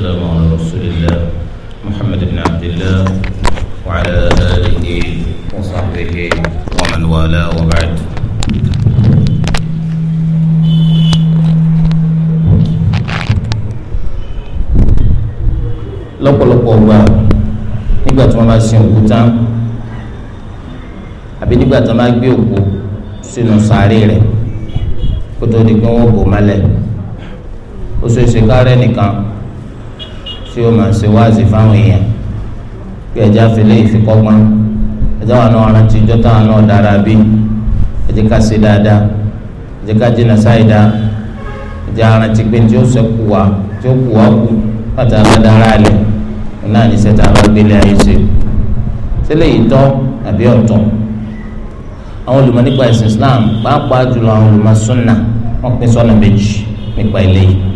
والسلام على رسول الله محمد بن عبد الله وعلى آله وصحبه ومن والاه وبعد lọ́pọ̀lọpọ̀ gbà nígbà tí wọ́n bá sin òkú tán àbí nígbà tí wọ́n bá gbé òkú sínú sàárè rẹ̀ kótó di pé wọ́n bò mọ́lẹ̀ ó ṣeéṣe kárẹ́ nìkan tí ó máa ṣe wáàzì fáwọn èèyàn pé ẹja fìlẹ̀ ìfikọ́gbọ́n ẹja wà náà rántí ijó táwọn náà dára bí ẹjẹ ká ṣe dáadáa ẹjẹ ká jìnnà sáìdá ẹjẹ arántí pé tí ó ṣẹ́kù wá tí ó kù wá kù láti aládára alẹ̀ náà ní sẹ́ta alágbélé ayé ṣe sílẹ̀ yìí tọ́ àbí ọ̀tọ̀ àwọn olùmọ̀ nípa ẹ̀sìn Islam pàápàá jùlọ àwọn olùmọ̀ sunna wọ́n pín sọ́nà méjì nípa eléyìí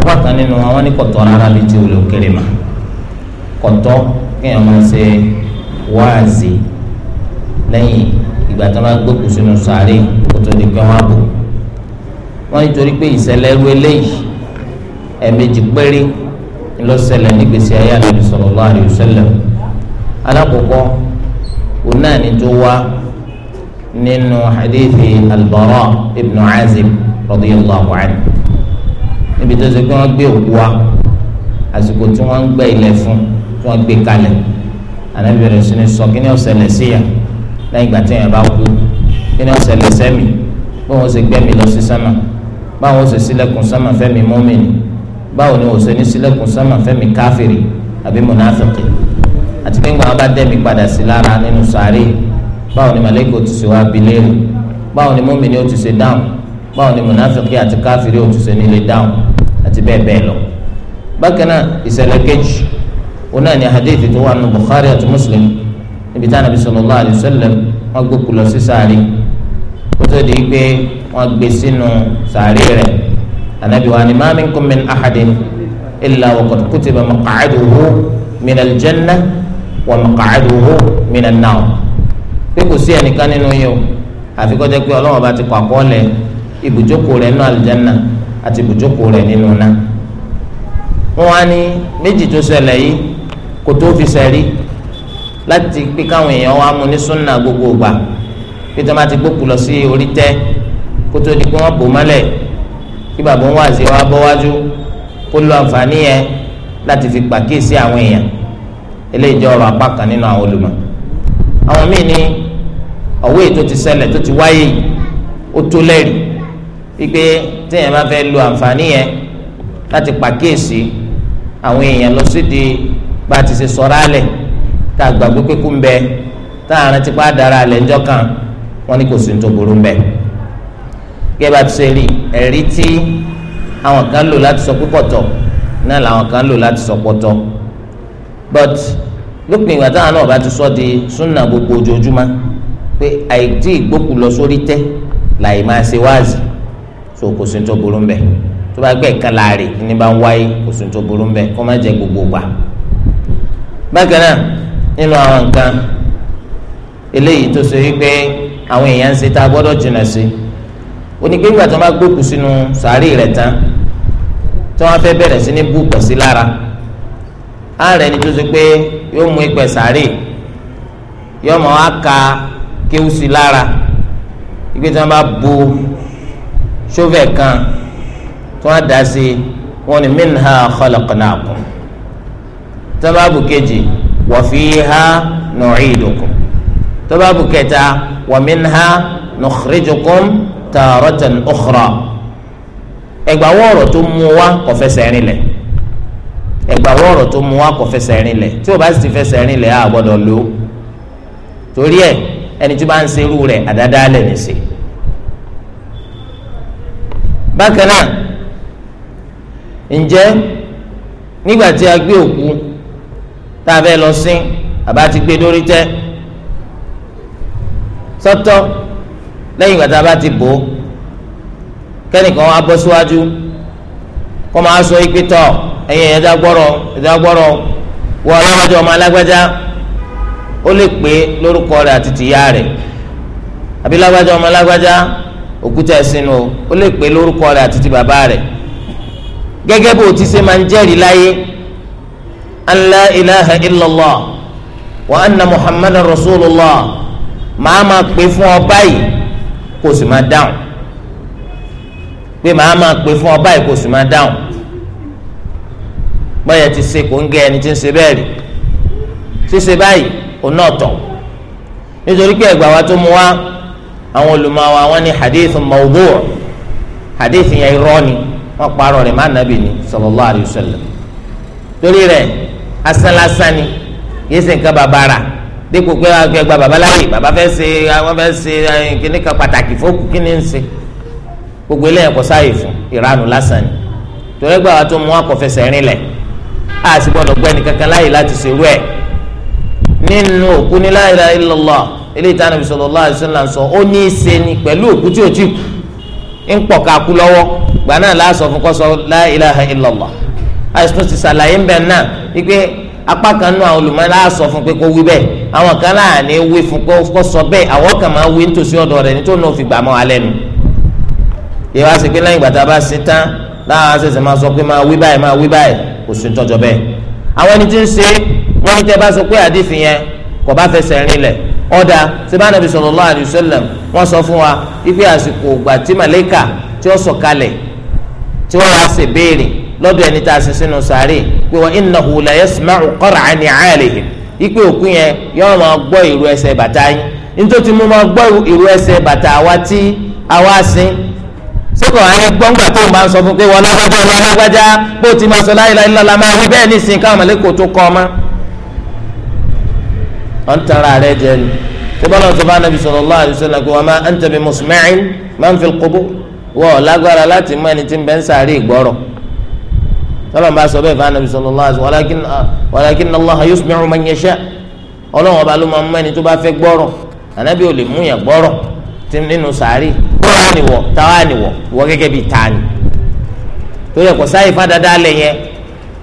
apá kan nínú àwọn ní kọ̀tọ́ rárá létí olè òkèrè mà kọ̀tọ́ kéèyàn máa ṣe wáàzì lẹ́yìn ìgbà tí wọ́n bá gbókù sínú sàárè kó tó di pé wọ́n á bò wọ́n nítorí pé ìṣẹ̀lẹ̀ ru eléyìí ẹ̀ẹ̀mejì péré ló ṣẹlẹ̀ nígbèsè ayé àlejò sallallahu alaihi wasallam alákọ̀ọ́kọ́ òun náà ní tó wá nínú hadithi al-Bara ibn Azib radiyallahu níbi tó ṣe pé wọ́n gbé òkú wa àsìkò tí wọ́n ń gbẹ́ ilẹ̀ fún tí wọ́n gbé kalẹ̀ ànábì bẹ̀rẹ̀ sí ni sọ kí ni ó ṣẹlẹ̀ sí yà lẹ́yìn ìgbà tí èèyàn bá kú kí ni ó ṣẹlẹ̀ sẹ́mi báwọn ṣe gbẹ́mi lọ sí sámà báwọn ṣe ṣílẹ̀kùn sámà fẹ́mi mọ́mìnì báwo ni òṣè ní ṣílẹ̀kùn sámà fẹ́mi káfìrì àbí mùnàfìkì àti pé ńgbà wọn bá dẹ́mi padà sí lára nínú sàárè báwo ni màlẹ́kì ó ti ṣe wá bilérì báwo ni mọ́mìnì ó ti ṣe dáhùn báwo ni mùnàfìkì àti káfìrì ó ti ṣe àti bẹ́ẹ̀ bẹ́ẹ̀ lọ bákan náà ìṣẹ̀lẹ̀ kejì òun náà ni hadith tó wà nù Bukhari àti Muslim níbi tí anabi sallallahu alayhi wa sallam wọ́n gbókù lọ sí sàárè kó tó di pé wọ́n gbé sínú sàárè rẹ̀ anabi wa ni ma minkum min ahadin illa wa qad kutiba maq'aduhu min aljanna wa maq'aduhu min an-nar sí ẹnìkan nínú yìí o àfi pé Ọlọ́run bá ti kọ àkọọ́lẹ̀ ibùjókòó rẹ̀ nínú aljanna àti ibùjókòó rẹ̀ nínú iná wọn á ní méjì tó ṣẹlẹ̀ yìí kò tó fi sẹ́rí láti pé káwọn èèyàn wá mú ní súnà gbogbo ìgbà pé tó má ti gbókù lọ sí orí tẹ́ kó tó di pé wọ́n bò mọ́lẹ̀ kí bàbá wọn àti wọn bọ́ wájú kó lo àǹfààní yẹn láti fi pàkíyèsí àwọn èèyàn eléyìí jẹ́ ọ̀rọ̀ apá kan nínú àwọn olùmọ̀ àwọn míì ní ọ̀wé tó ti ṣẹlẹ̀ tó ti wáyé ó tó lẹ́rìí wípé téèyàn bá fẹ́ lo àǹfààní yẹn láti pàkíyèsí àwọn èèyàn lọ sídìí bá a ti ṣe sọ̀rọ̀ alẹ̀ tá a gbàgbé pé kú ń bẹ tá a rántí pé a dára alẹ̀ ńjọ́ kan wọ́n ní kò sí ní burú ń bẹ. gẹ́gẹ́ bá ti ṣe rí ẹ̀rí tí àwọn kan lò láti sọ pípọ̀tọ̀ náà làwọn kan lò láti sọ pọ̀tọ̀ but lópin ìgbà táwọn náà bá ti sọ di súnà gbogbo ojoojúmọ́ pé àìtí ìgbókù lọ sórí tẹ́ làì máa ṣe wáàzì so kò sí tó burú mbẹ tó bá gbẹ kan láàrè ní bá ń wáyé kò sí tó burú mbẹ kó má jẹ gbogbo gbà. bákan náà nínú àwọn nǹkan eléyìí tó so yí pé àwọn èèyàn ń ṣe tá a gbọ́dọ̀ jìnnà sí onígbégbà tó má gbókù sínú sàárì rẹ̀ tán tí wọ́n fẹ́ bẹ̀rẹ̀ sí ní bú pẹ̀sí lára ààrẹ ni tó ṣe pé yóò mú ipẹ̀ sàárè yóò mọ̀ á kéwù sí lára ìgbésẹ̀ wọn bá bu ṣọ́fẹ̀ kan tí wọ́n dá sí wọn ni minha khalaqnakum tọ́bàbù kejì wa fiha nu'idukum tọ́bàbù kẹta wa minha nukhrijukum taratan ukhra ẹgbàwọ́ ọ̀rọ̀ tó mú wa kò fẹsẹ̀ rinlẹ̀ ẹgbàwọ́ ọ̀rọ̀ tó mú wa kò fẹsẹ̀ rinlẹ̀ tí o bá sì ti fẹsẹ̀ rinlẹ̀ a gbọ́dọ̀ lò torí ẹ ẹni o bá ń serú rẹ̀ àdáda lẹ̀ ní bákan náà ǹjẹ́ nígbà tí a gbé òkú tá a fẹ́ lọ sí àbá ti gbé dórí tẹ́ sọ́tọ̀ lẹ́yìn ìgbà a bá ti bò ó kẹ́nìkan wá bọ́ síwájú kó máa sọ ipe tọ̀ ẹ̀yìn ẹ̀dá gbọ́rọ̀ ẹ̀dá gbọ́rọ̀ wọ alágbájá ọmọ alágbájá ó lè pè lórúkọ rẹ̀ àti òkúta ẹ̀sìnú ó lè pè lórúkọ rẹ̀ àti ti bàbá rẹ̀ gẹ́gẹ́ bó ti ṣe máa ń jẹ́rìí láyé an la ilaha illallah wa anna muhammadan rasulullah màá máa pè fún ọ báyìí kó o sì máa dáhùn pé màá máa pè fún ọ báyìí kó o sì máa dáhùn bọ́yà ti ṣe kò ń gẹ ẹni tí ń ṣe bẹ́ẹ̀ rí ṣíṣe báyìí ò náà tọ̀ nítorí pé ẹ̀gbà wa tó mu wá àwọn olùmọ̀wá wọn ní hadith mawdu' hadith yẹn irọ́ ni wọ́n parọ́ rẹ̀ má nàbì ni sallallahu alayhi wa sallam torí rẹ̀ asánlásán ni yìí sì ń ká bàbá rà dípò pé wọn fẹ́ gba bàbá láàyè bàbá fẹ́ ṣe àwọn fẹ́ ṣe eh, kíní kan pàtàkì fókù kíní ń ṣe gbogbo eléyàn kò sáàyè fún ìranù lásán torí gbà wá tó mú wọn kò fẹsẹ̀ rin lẹ̀ a sì gbẹ́ni kankan láàyè láti ṣerú ẹ̀ nínú òkú ní la ilaha illallah eléyìí tí Ànábì sallallahu alaihi wasallam sọ ó ní í ṣe ni pẹ̀lú òkú tí ò tí kú ń pọ̀ ká kú lọ́wọ́ gbà náà láàsọ fún kọ́sọ la ilaha illallah àìsàn ti ṣàlàyé ń bẹ̀ náà wípé apá kan náà olùmọ̀ láàsọ fún pé kó wí bẹ́ẹ̀ àwọn kan náà ní wí fún kó sọ bẹ́ẹ̀ àwọn kan máa wí nítòsí ọ̀dọ̀ rẹ̀ nítorí náà fi gbà mọ́ alẹ́ nu yẹ wá sí pé lẹ́yìn gbàtà bá sí tán láwọn àṣẹṣẹ máa sọ pé máa wí báyìí máa wí báyìí kò sí tọ́jọ́ bẹ́ẹ̀ àwọn ẹni tí ń ṣe wọ́n ní tẹ́ bá sọ pé àdìfì yẹn kò bá fẹsẹ̀ rinlẹ̀ ọ̀dà sẹ́bàá nàbì sallallahu alayhi wa sallam wọ́n sọ fún wa ipe àsìkò ògbà tí màlẹ́kà tí ó sọ̀kalẹ̀ tí wọ́n wá ṣe béèrè lọ́dọ̀ ẹni tá a ṣe sínú sàárè pé wa innahu la yasma'u qar'a ni'alihim ipe òkú yẹn yọ́n máa gbọ́ ìrù ẹsẹ̀ bàtà yín nítorí mo máa gbọ́ ìrù ẹsẹ̀ bàtà tí tó ń sọ fún pé lágbájá lágbájá bó ti máa sọ máa wí ọ̀ ń tara rẹ jẹ ni tibọ́lá sọ́fà nàbì sallallahu alaihi wasallam wa ma anta bi musmi'in man fil qubur wọ́ọ̀ lágbára láti mú ẹni tí ń bẹ́ ń sáré ìgbọ́rọ̀ tọ́lọ́n bá sọ bẹ́ẹ̀ fún anabi sallallahu alaihi wasallam walakin Allah yusmi'u man yasha ọlọ́wọ́n ọba ló máa mú ẹni tó bá fẹ́ gbọ́rọ̀ anabi ò lè mú yàn gbọ́rọ̀ tí nínú sàárì táwa nìwọ táwa gẹ́gẹ́ bíi tani tó yẹ kò sáyè fún adáadáa lẹ̀ yẹn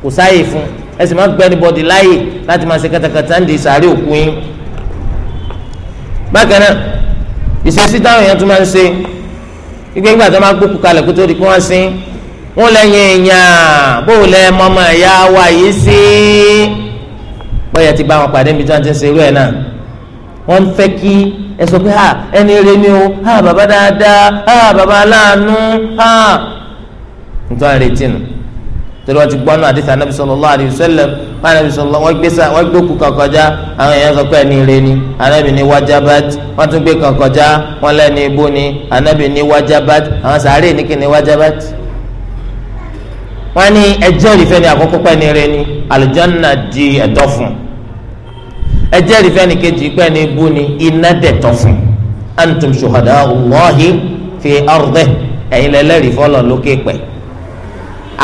kò sáyè fún ẹ sì máa gbẹ́ni bọ́dì láàyè láti máa ṣe katakata ń di sàárè òkú yín. bákan náà ìṣesí táwọn èèyàn tún máa ń ṣe gbígbé ńgbà tó máa gbókù kalẹ̀ kó tó di kó wọ́n sin wọ́n lẹ́yìn èèyàn bó lẹ́ mọ́mọ́ ẹ̀yà wa yìí sí bóyá ti bá wọn pàdé níbi tí wọ́n ti ń ṣe irú ẹ̀ náà wọ́n fẹ́ kí ẹ sọ pé ẹni rẹ ni o bàbá dáadáa bàbá aláàánú nítorí àrètí nù torí wọn ti gbọ́nù àdìsá anabi sallallahu alayhi wa sallam wọn anabi sallallahu wọn gbé wọn gbé òkú kan kọjá àwọn èèyàn sọ pé ẹni ire ni anabi ní wajabat wọn tún gbé kan kọjá wọn lẹ́ni ibú ni anabi ní wajabat àwọn sàárè ní kíni wajabat. wọn ní ẹjẹ́ ìrìfẹ́ ni àkọ́kọ́ pẹ́ ni ire ni aljanna di ẹ̀tọ́ fún ẹjẹ́ ìrìfẹ́ ni kejì pẹ́ ni ibú ni iná dẹ̀tọ́ fún antum shuhada allahi fi ardihi ẹ̀yin lẹ́lẹ́rìí fọlọ́ lókè pẹ̀ẹ́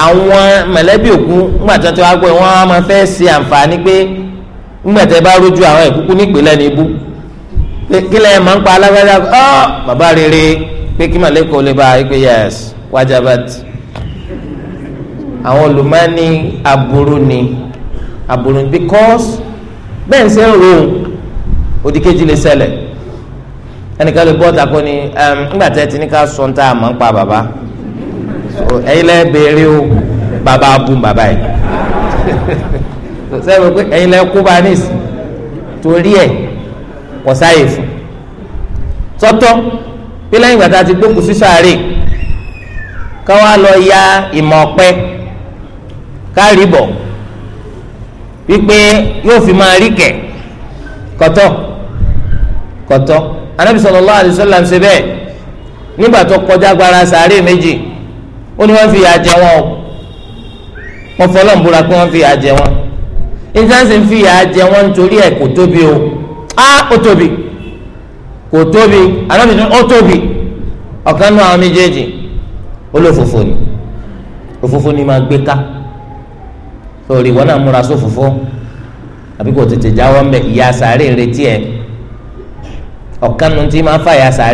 àwọn mọ̀lẹ́bí òkú ńgbàtà tó wá gbọ́ wọn a máa fẹ́ ṣe àǹfààní pé ńgbàtà bá rójú àwọn ìkúkú nípìnlẹ̀ ní ibú kílẹ̀ máa ń pa alágbádá ọ́ bàbá rere pé kí màlẹ́kọ̀ọ́ lè bá a pé yes wajabat àwọn olùmọ́ni aburú ni aburú ni because bẹ́ẹ̀ ń ṣe ń ro òdìkejì lè ṣẹlẹ̀ ẹnìkan lè bọ́ ọ̀tà kó ni ńgbàtà ẹ ti ní ká sọ ń tà máa ń pa bàbá ẹ̀yin lẹ́ béèrè o bàbá abú bàbá yìí sẹ́yìn pé ẹ̀yin lẹ́ kó bá níìsì torí ẹ̀ kò sáyè fún sọ́tọ́ pé lẹ́yìn ìgbà tá a ti gbókù sí sáré ká wá lọ ya ìmọ̀ ọ̀pẹ ká bọ̀ wípé yóò fi máa rí kẹ̀ kọ́tọ́ kọ́tọ́ anabi sallallahu alaihi wasallam bẹ́ẹ̀ nígbà tó kọjá agbára sáré méjì ó ní wọ́n fi ìyà jẹ wọn o wọ́n fọlọ́ nbúra pé wọ́n fi ìyà jẹ wọn ìtànsì fi ìyà jẹ wọn nítorí ẹ̀ kò tóbi o ó tóbi kò tóbi ni òfòfò ni máa gbé ká wọn náà múra sófòfò àbí kò tètè mbẹ sàárè retí ẹ nù tí máa fà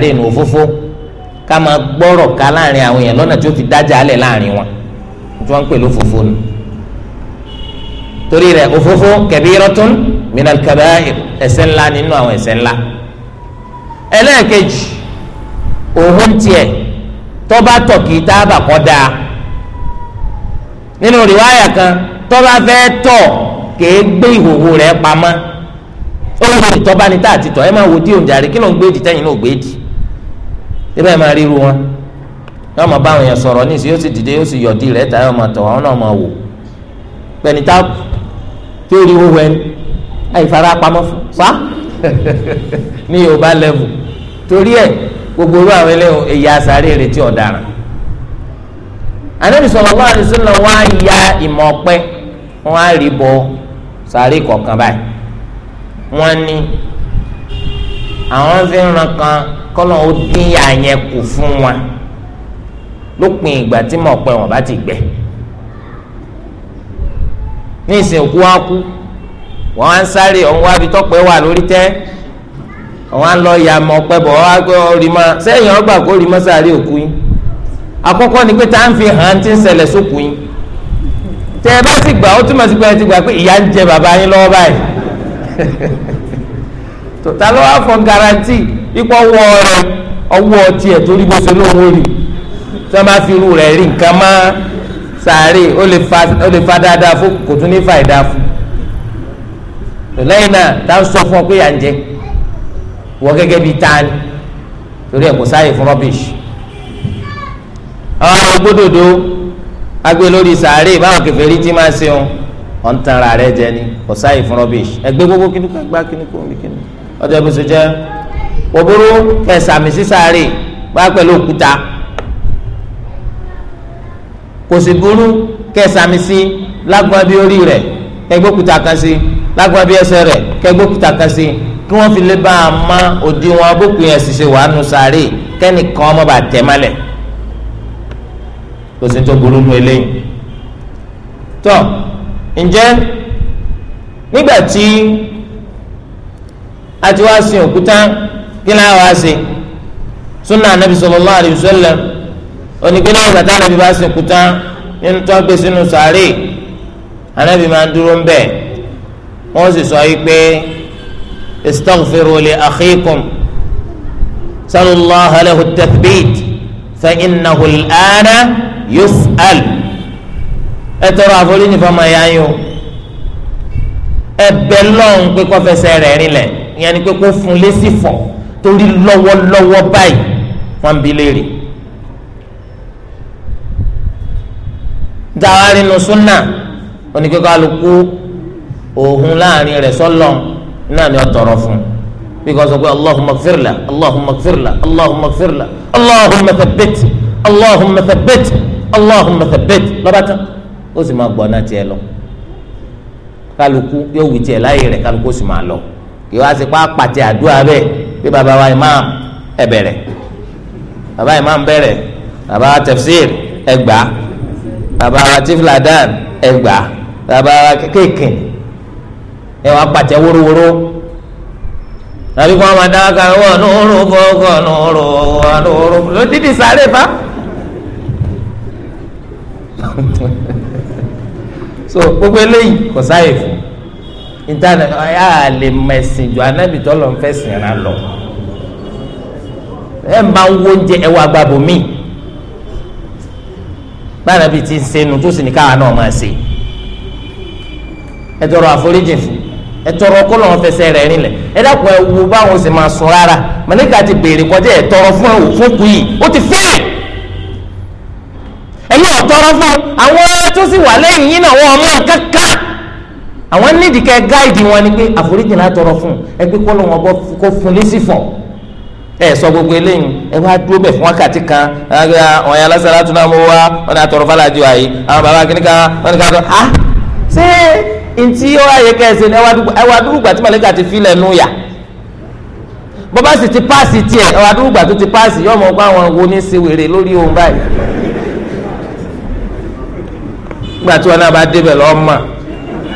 ká máa gbọ́rọ̀ ká láàrin àwọn èèyàn lọ́nà tí ó fi dájà alẹ̀ láàrin wọn tí wọ́n ń pè lófòfó nù torí rẹ̀ òfófó kabiratun minal kabair ẹ̀ṣẹ̀ ńlá nínú àwọn ẹ̀ṣẹ̀ ńlá ẹlẹ́ẹ̀kejì òun tiẹ̀ tọ́ba tọ̀ kì í tábà kọ́ dáa nínú rìwáyà kan tọ́ba fẹ́ tọ̀ kèé gbé ìhòhò rẹ̀ pamọ́ ó lè tọ́ba ní tá àti tọ̀ ẹ máa wo dí òǹjà rẹ̀ kí ló ń gbé dì tẹ́yìn náà gbé dì ibẹ̀ máa ríru wọn yóò máa bá àwọn èèyàn sọ̀rọ̀ ní ìsìn yóò sì dìde yóò sì yọ̀dí rẹ̀ tà yóò máa tọ̀ àwọn náà máa wò pẹ̀lú táàbù tí ó rí owó ẹni àìfara pamọ́ fún fa ní yorùbá lẹ́vù torí ẹ̀ gbogbo orú àwọn eléyìí ẹ̀yà àsáré rẹ̀ tí ọ̀daràn anabi sallallahu alaihi wasallam wọn á ya ìmọ̀ ọ̀pẹ wọn á rí bọ sàárè kọ̀ọ̀kan báyìí wọn ní àwọn fi ń ran kan kọ́lọ̀ ó dín yà yẹn kù fún wa lópin ìgbà tí mo pẹ́ wọn bá ti gbẹ ní ìsìn òkú wa kú wọn á ń sáré ọ̀hún wá bí tọ́pẹ́ wà lórí tẹ́ wọn á lọ ya mọ pẹ́ bọ̀ wá pé ọ̀rì mọ́ sẹ́yìn ọgbà kó rí mọ́ sáré òkú yín àkọ́kọ́ ni pé tá à ń fi hàn tí ń ṣẹlẹ̀ sókù yín tẹ́ ẹ bá sì gbà ó túmọ̀ sí pé ẹ ti gbà pé ìyá ń jẹ bàbá yín lọ́wọ́ báyìí. tó ta ló wá fọ garanti ipò ọwọ́ rẹ ọwọ́ tiẹ̀ torí bó ṣe lóun rí tí wọ́n bá fi irú rẹ̀ rí nǹkan mọ́ sàárè ó lè fa dáadáa fún kò tún ní fa ìdáa fún tó lẹ́yìn náà tá ń sọ fún ọ pé à ń jẹ wọ́n gẹ́gẹ́ bíi tani torí ẹ̀ kò sáàyè fún rubbish àwọn agbódòdó agbé lórí sàárè báwọn kèfèrí tí máa ń ṣe wọn ọ̀ ń tan ara rẹ jẹ ni kò sáàyè fún rubbish ẹgbẹ́ gbogbo kínní kó gbá kínní kó omi kínní ọjọ́ bó ṣe jẹ́ òbúrú kẹsàmì sísáré wá pẹ̀lú òkúta kò sì burú kẹsàmì sí lágbọ́n bí orí rẹ̀ kẹgbókúta kan sí lágbọ́n bí ẹsẹ̀ rẹ̀ kẹgbókúta kan sí kí wọ́n fi lè bá a má òdiwọ̀n abókùn yẹn sì ṣe wàá nu sáré kẹ́nìkan ọmọ bá tẹ̀ mọ́lẹ̀ kò sí tó burú nu eléyìí tọ́ ǹjẹ́ nígbà tí àti wá sin òkúta kí náà wá sí sunna anabi sallallahu alayhi wa sallam onígbélé ìgbàtà anabi bá sin òkúta nínú tó gbé sínú sàárè anabi máa ń dúró ń bẹ̀ wọ́n sì sọ yìí pé istaghfiru akhikum sallallahu alayhi wa tathbit fa innahu al-ana yus'al ẹ tọrọ àforíjì fọmọ ya ẹ bẹ̀ lọ́n pé kó fẹsẹ̀ rẹ̀ rinlẹ̀ ìyẹn ni pé kó fún lésì fọ̀ torí lọ́wọ́lọ́wọ́ báyìí wọ́n bi léèrè. dàwárí nu súnà oníkẹ́kọ̀ọ́ alùpùpù òhun láàrin rẹ̀ sọ́lọ̀ náà ni ó tọrọ fún because of Allahu gfirla Allahu gfirla Allahu gfirla Allahu thabbit Allahu thabbit Allahu thabbit lọ́ba tán ó sì máa gbọ́ náà tiẹ̀ lọ kálukú yóò wí tiẹ̀ láàyè rẹ̀ kálukú ó sì máa lọ kí wá sí pa pàtẹ àdúrà bẹ́ẹ̀ bí baba wa imam ẹ bẹ̀rẹ̀ baba imam bẹ̀rẹ̀ baba wa tafsir ẹ gbà baba wa tifladan ẹ gbà baba wa kékèké ẹ wá pàtẹ wórówóró tàbí kí wọn máa dá ká wọ nùúrù fọkọ nùúrù wọ nùúrù ló dídì sáré fa so gbogbo eléyìí kò sáyè fún ìtàn ya lè mẹ̀sìn ju anábì tó lọ ń lọ wo agbabo mi. ti tó káwa náà ẹ tọrọ fún ẹ kó lọ́wọ́ fẹsẹ̀ rẹ̀ rinlẹ̀ sì sùn rárá ti béèrè kọjá fún fún ó ti fẹ́ẹ̀ fún àwọn sì wà lẹ́yìn yín náà wọ́n ọmọ àwọn nídìí kẹ́ gáìdì wọn ni pé àforíjì náà tọrọ fún ẹ pé kọ́ lọ́wọ́ bọ́ kó fún ní sífọ̀ ẹ sọ gbogbo eléyìí ẹ wá dúró bẹ̀ fún wákàtí kan ah, àwọn ya lásàlá tún náà mo wá wọn ni àtọrọ fàlàjì wáyé àwọn bàbá kìnnìkan wọn ni ká tọ ah ṣé ntí ó wáyé kẹsẹ ni ẹ wá dúró gbà tí màlẹ́kà ti fi lẹ́nu yà bọ́bá sì ti páàsì tiẹ̀ ẹ wá dúró gbà tó ti páàsì yọ̀ọ́ mọ̀ pé àwọn wo ní ṣe wèrè gbà tí wọn náà bá débẹ̀ lọ́ọ́ mọ̀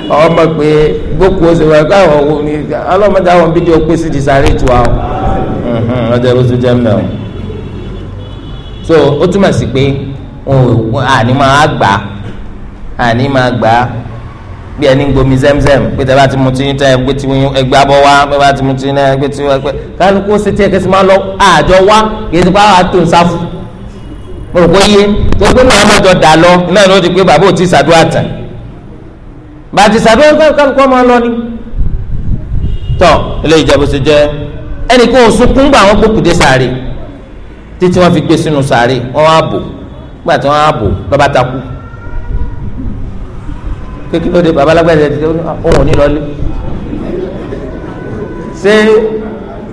àwọn ọmọ pé gbókùú ó sì wá àwọn wo ni ọlọ́mọdé àwọn bídíò pé sí ti sáré tu wa o ọjọ́ ìrúsù jẹ́ so ó túmọ̀ sí pé àní máa gbà àní máa gbà bí ẹni gbomi zẹmzẹm pé tẹ bá ti mu tí yín tẹ ẹgbẹ tí yín ẹgbẹ abọ wá pé bá ti mu tí yín ẹgbẹ tí yín ẹgbẹ kálukú ó sì tiẹ̀ kẹsì máa lọ àjọ wá kì í ti pa àwọn mo rò pé yé gbogbo náà má jọ dà lọ iná ìlú ti pé bàbá ò tí sàdúrà tán bàtì sàbẹ̀ kálukọ́ máa lọ ni. tọ́ ilé ìjẹ́bù ṣe jẹ́ ẹnì kan ò sunkún gbà wọ́n gbókùdé sàárè títí wọ́n fi gbé sínú sàárè wọ́n á bò gbà tí wọ́n á bò lọ́ba takú kékeré de babalágbàdé ti ọ̀hún ah, ò ní lọ lé ṣé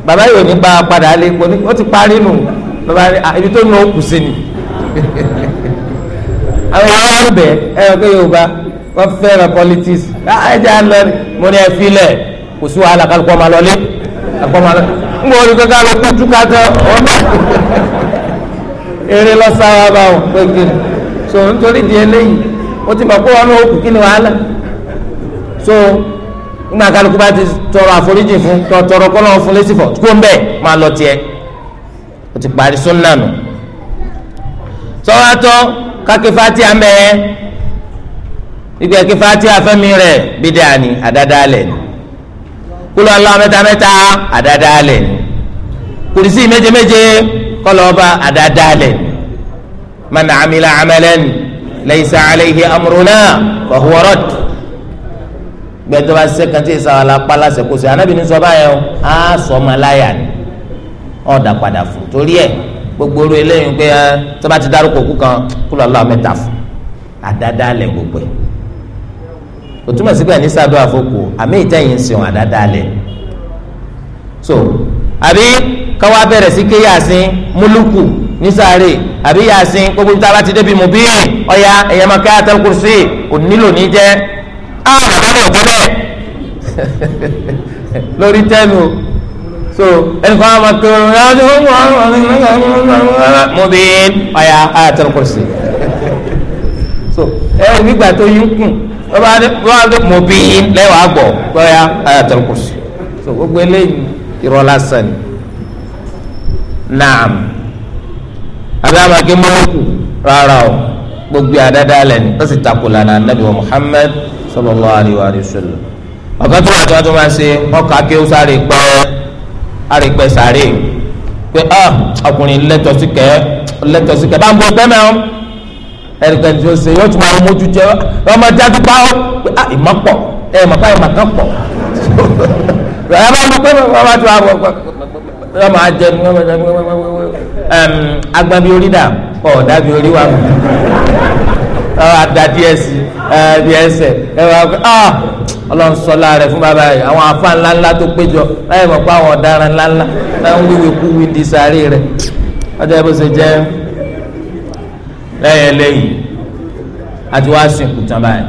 bàbá yìí ò ní bá a padà lé kò ní ó ti parí nù bàbá ah, ibi tó nù ó kù sí ni àwọn ìyá wa ń bẹ ẹ ẹ kó Yorùbá wọ́n fẹ́ràn politics ah, ẹ̀jẹ̀ à ni mo ní kò sí wàhálà ma lọ ń bọ̀ orí kankan lọ kútu kájọ ọ̀nà eré lọ́sàrà bá wọn pé kí ni so nítorí di eléyìí ti mọ̀ pé wọn náà kí ni wàhálà so ńgbà kálukú bá ti tọrọ àforíjì fún tọrọ kó ń máa lọ tiẹ̀ ibi ẹ̀kí fati afẹ́mi rẹ̀ bídà ni àdádálẹ̀ ni kúlọ̀ ńlá mẹ́tamẹ́ta àdádálẹ̀ ni kùrìsì méjèméjè kọlọ́ọ̀bà àdádálẹ̀ ni man amila amalan laysa alayhi amruna fahuwa radd gbẹdọba sẹkẹntì sàwàlà kpalasẹ kọsẹ anabini sọba yẹn a sọmọ ni ọ̀dà padà fún torí ẹ gbogbo eléyìí pé ẹ tọ́ba ti dárúkọ òkú kan kúlọ̀ ńlá mẹ́ta fún àdádálẹ̀ gbogbo ẹ̀ kò túmọ̀ sí pé ẹni sádùn àfọkù àmì ìtẹ̀yìn sìn àdáadáa lẹ̀ so àbí káwá bẹ̀rẹ̀ sí ké yàsín múlùkù nísàárè àbí yàsín gbogbo tí a bá ti débi mú bí ọ̀yà ẹ̀yẹ máa ká àtẹ kùrùsì òní nílò ní jẹ́ á bàbá mi ò tó bẹ́ẹ̀ lórí tẹ́nu o so ẹnìkan á máa kéré mú bí ọ̀yà àtẹ kùrùsì so ẹ̀ ẹ̀ nígbà tó yín kùn wọ́n bá dé mo bí lẹ́wàá gbọ̀ bóyá Ayatul Kursi so gbogbo eléyìí irọ́ lásán ni naam abamake mọ́lẹ́kù rárá o gbogbo àdáda alẹ́ ni ó sì takò lànà anabi wa Muhammad sallallahu alayhi wa sallam ọ̀kan tó wà tí wọ́n tún máa ń ṣe ọkọ̀ akéwù sáré pẹ́ àrèpẹ́ sáré pé ah, ọkùnrin lẹ́tọ̀ọ́sí kẹ́ lẹ́tọ̀ọ́sí kẹ́ bá ń bọ́ bẹ́ẹ̀ mẹ́rin ẹnìkan tí ó ṣe yóò tún máa mójú jẹ ọmọ jáde pa ọ pé ah ìmọ̀ pọ̀ ẹ mọ̀ báyìí màkà pọ̀ ẹ máa mú pé wọ́n máa tún àwọn wọ́n máa jẹ agbábi orí dà ọ̀ dàbí orí wa ada díẹ̀ sí díẹ̀ sẹ̀ ẹ wá pé ah ọlọ́run sọlá rẹ̀ fún bàbá yìí àwọn afa ńláńlá tó péjọ láyé mọ̀ pé àwọn ọ̀daràn ńláńlá náà ń wíwèé kú wí di sáré rẹ̀ ọjọ́ ìbùsùn jẹ́ lẹ́yìn eléyìí àti wá sìnkú tán báyìí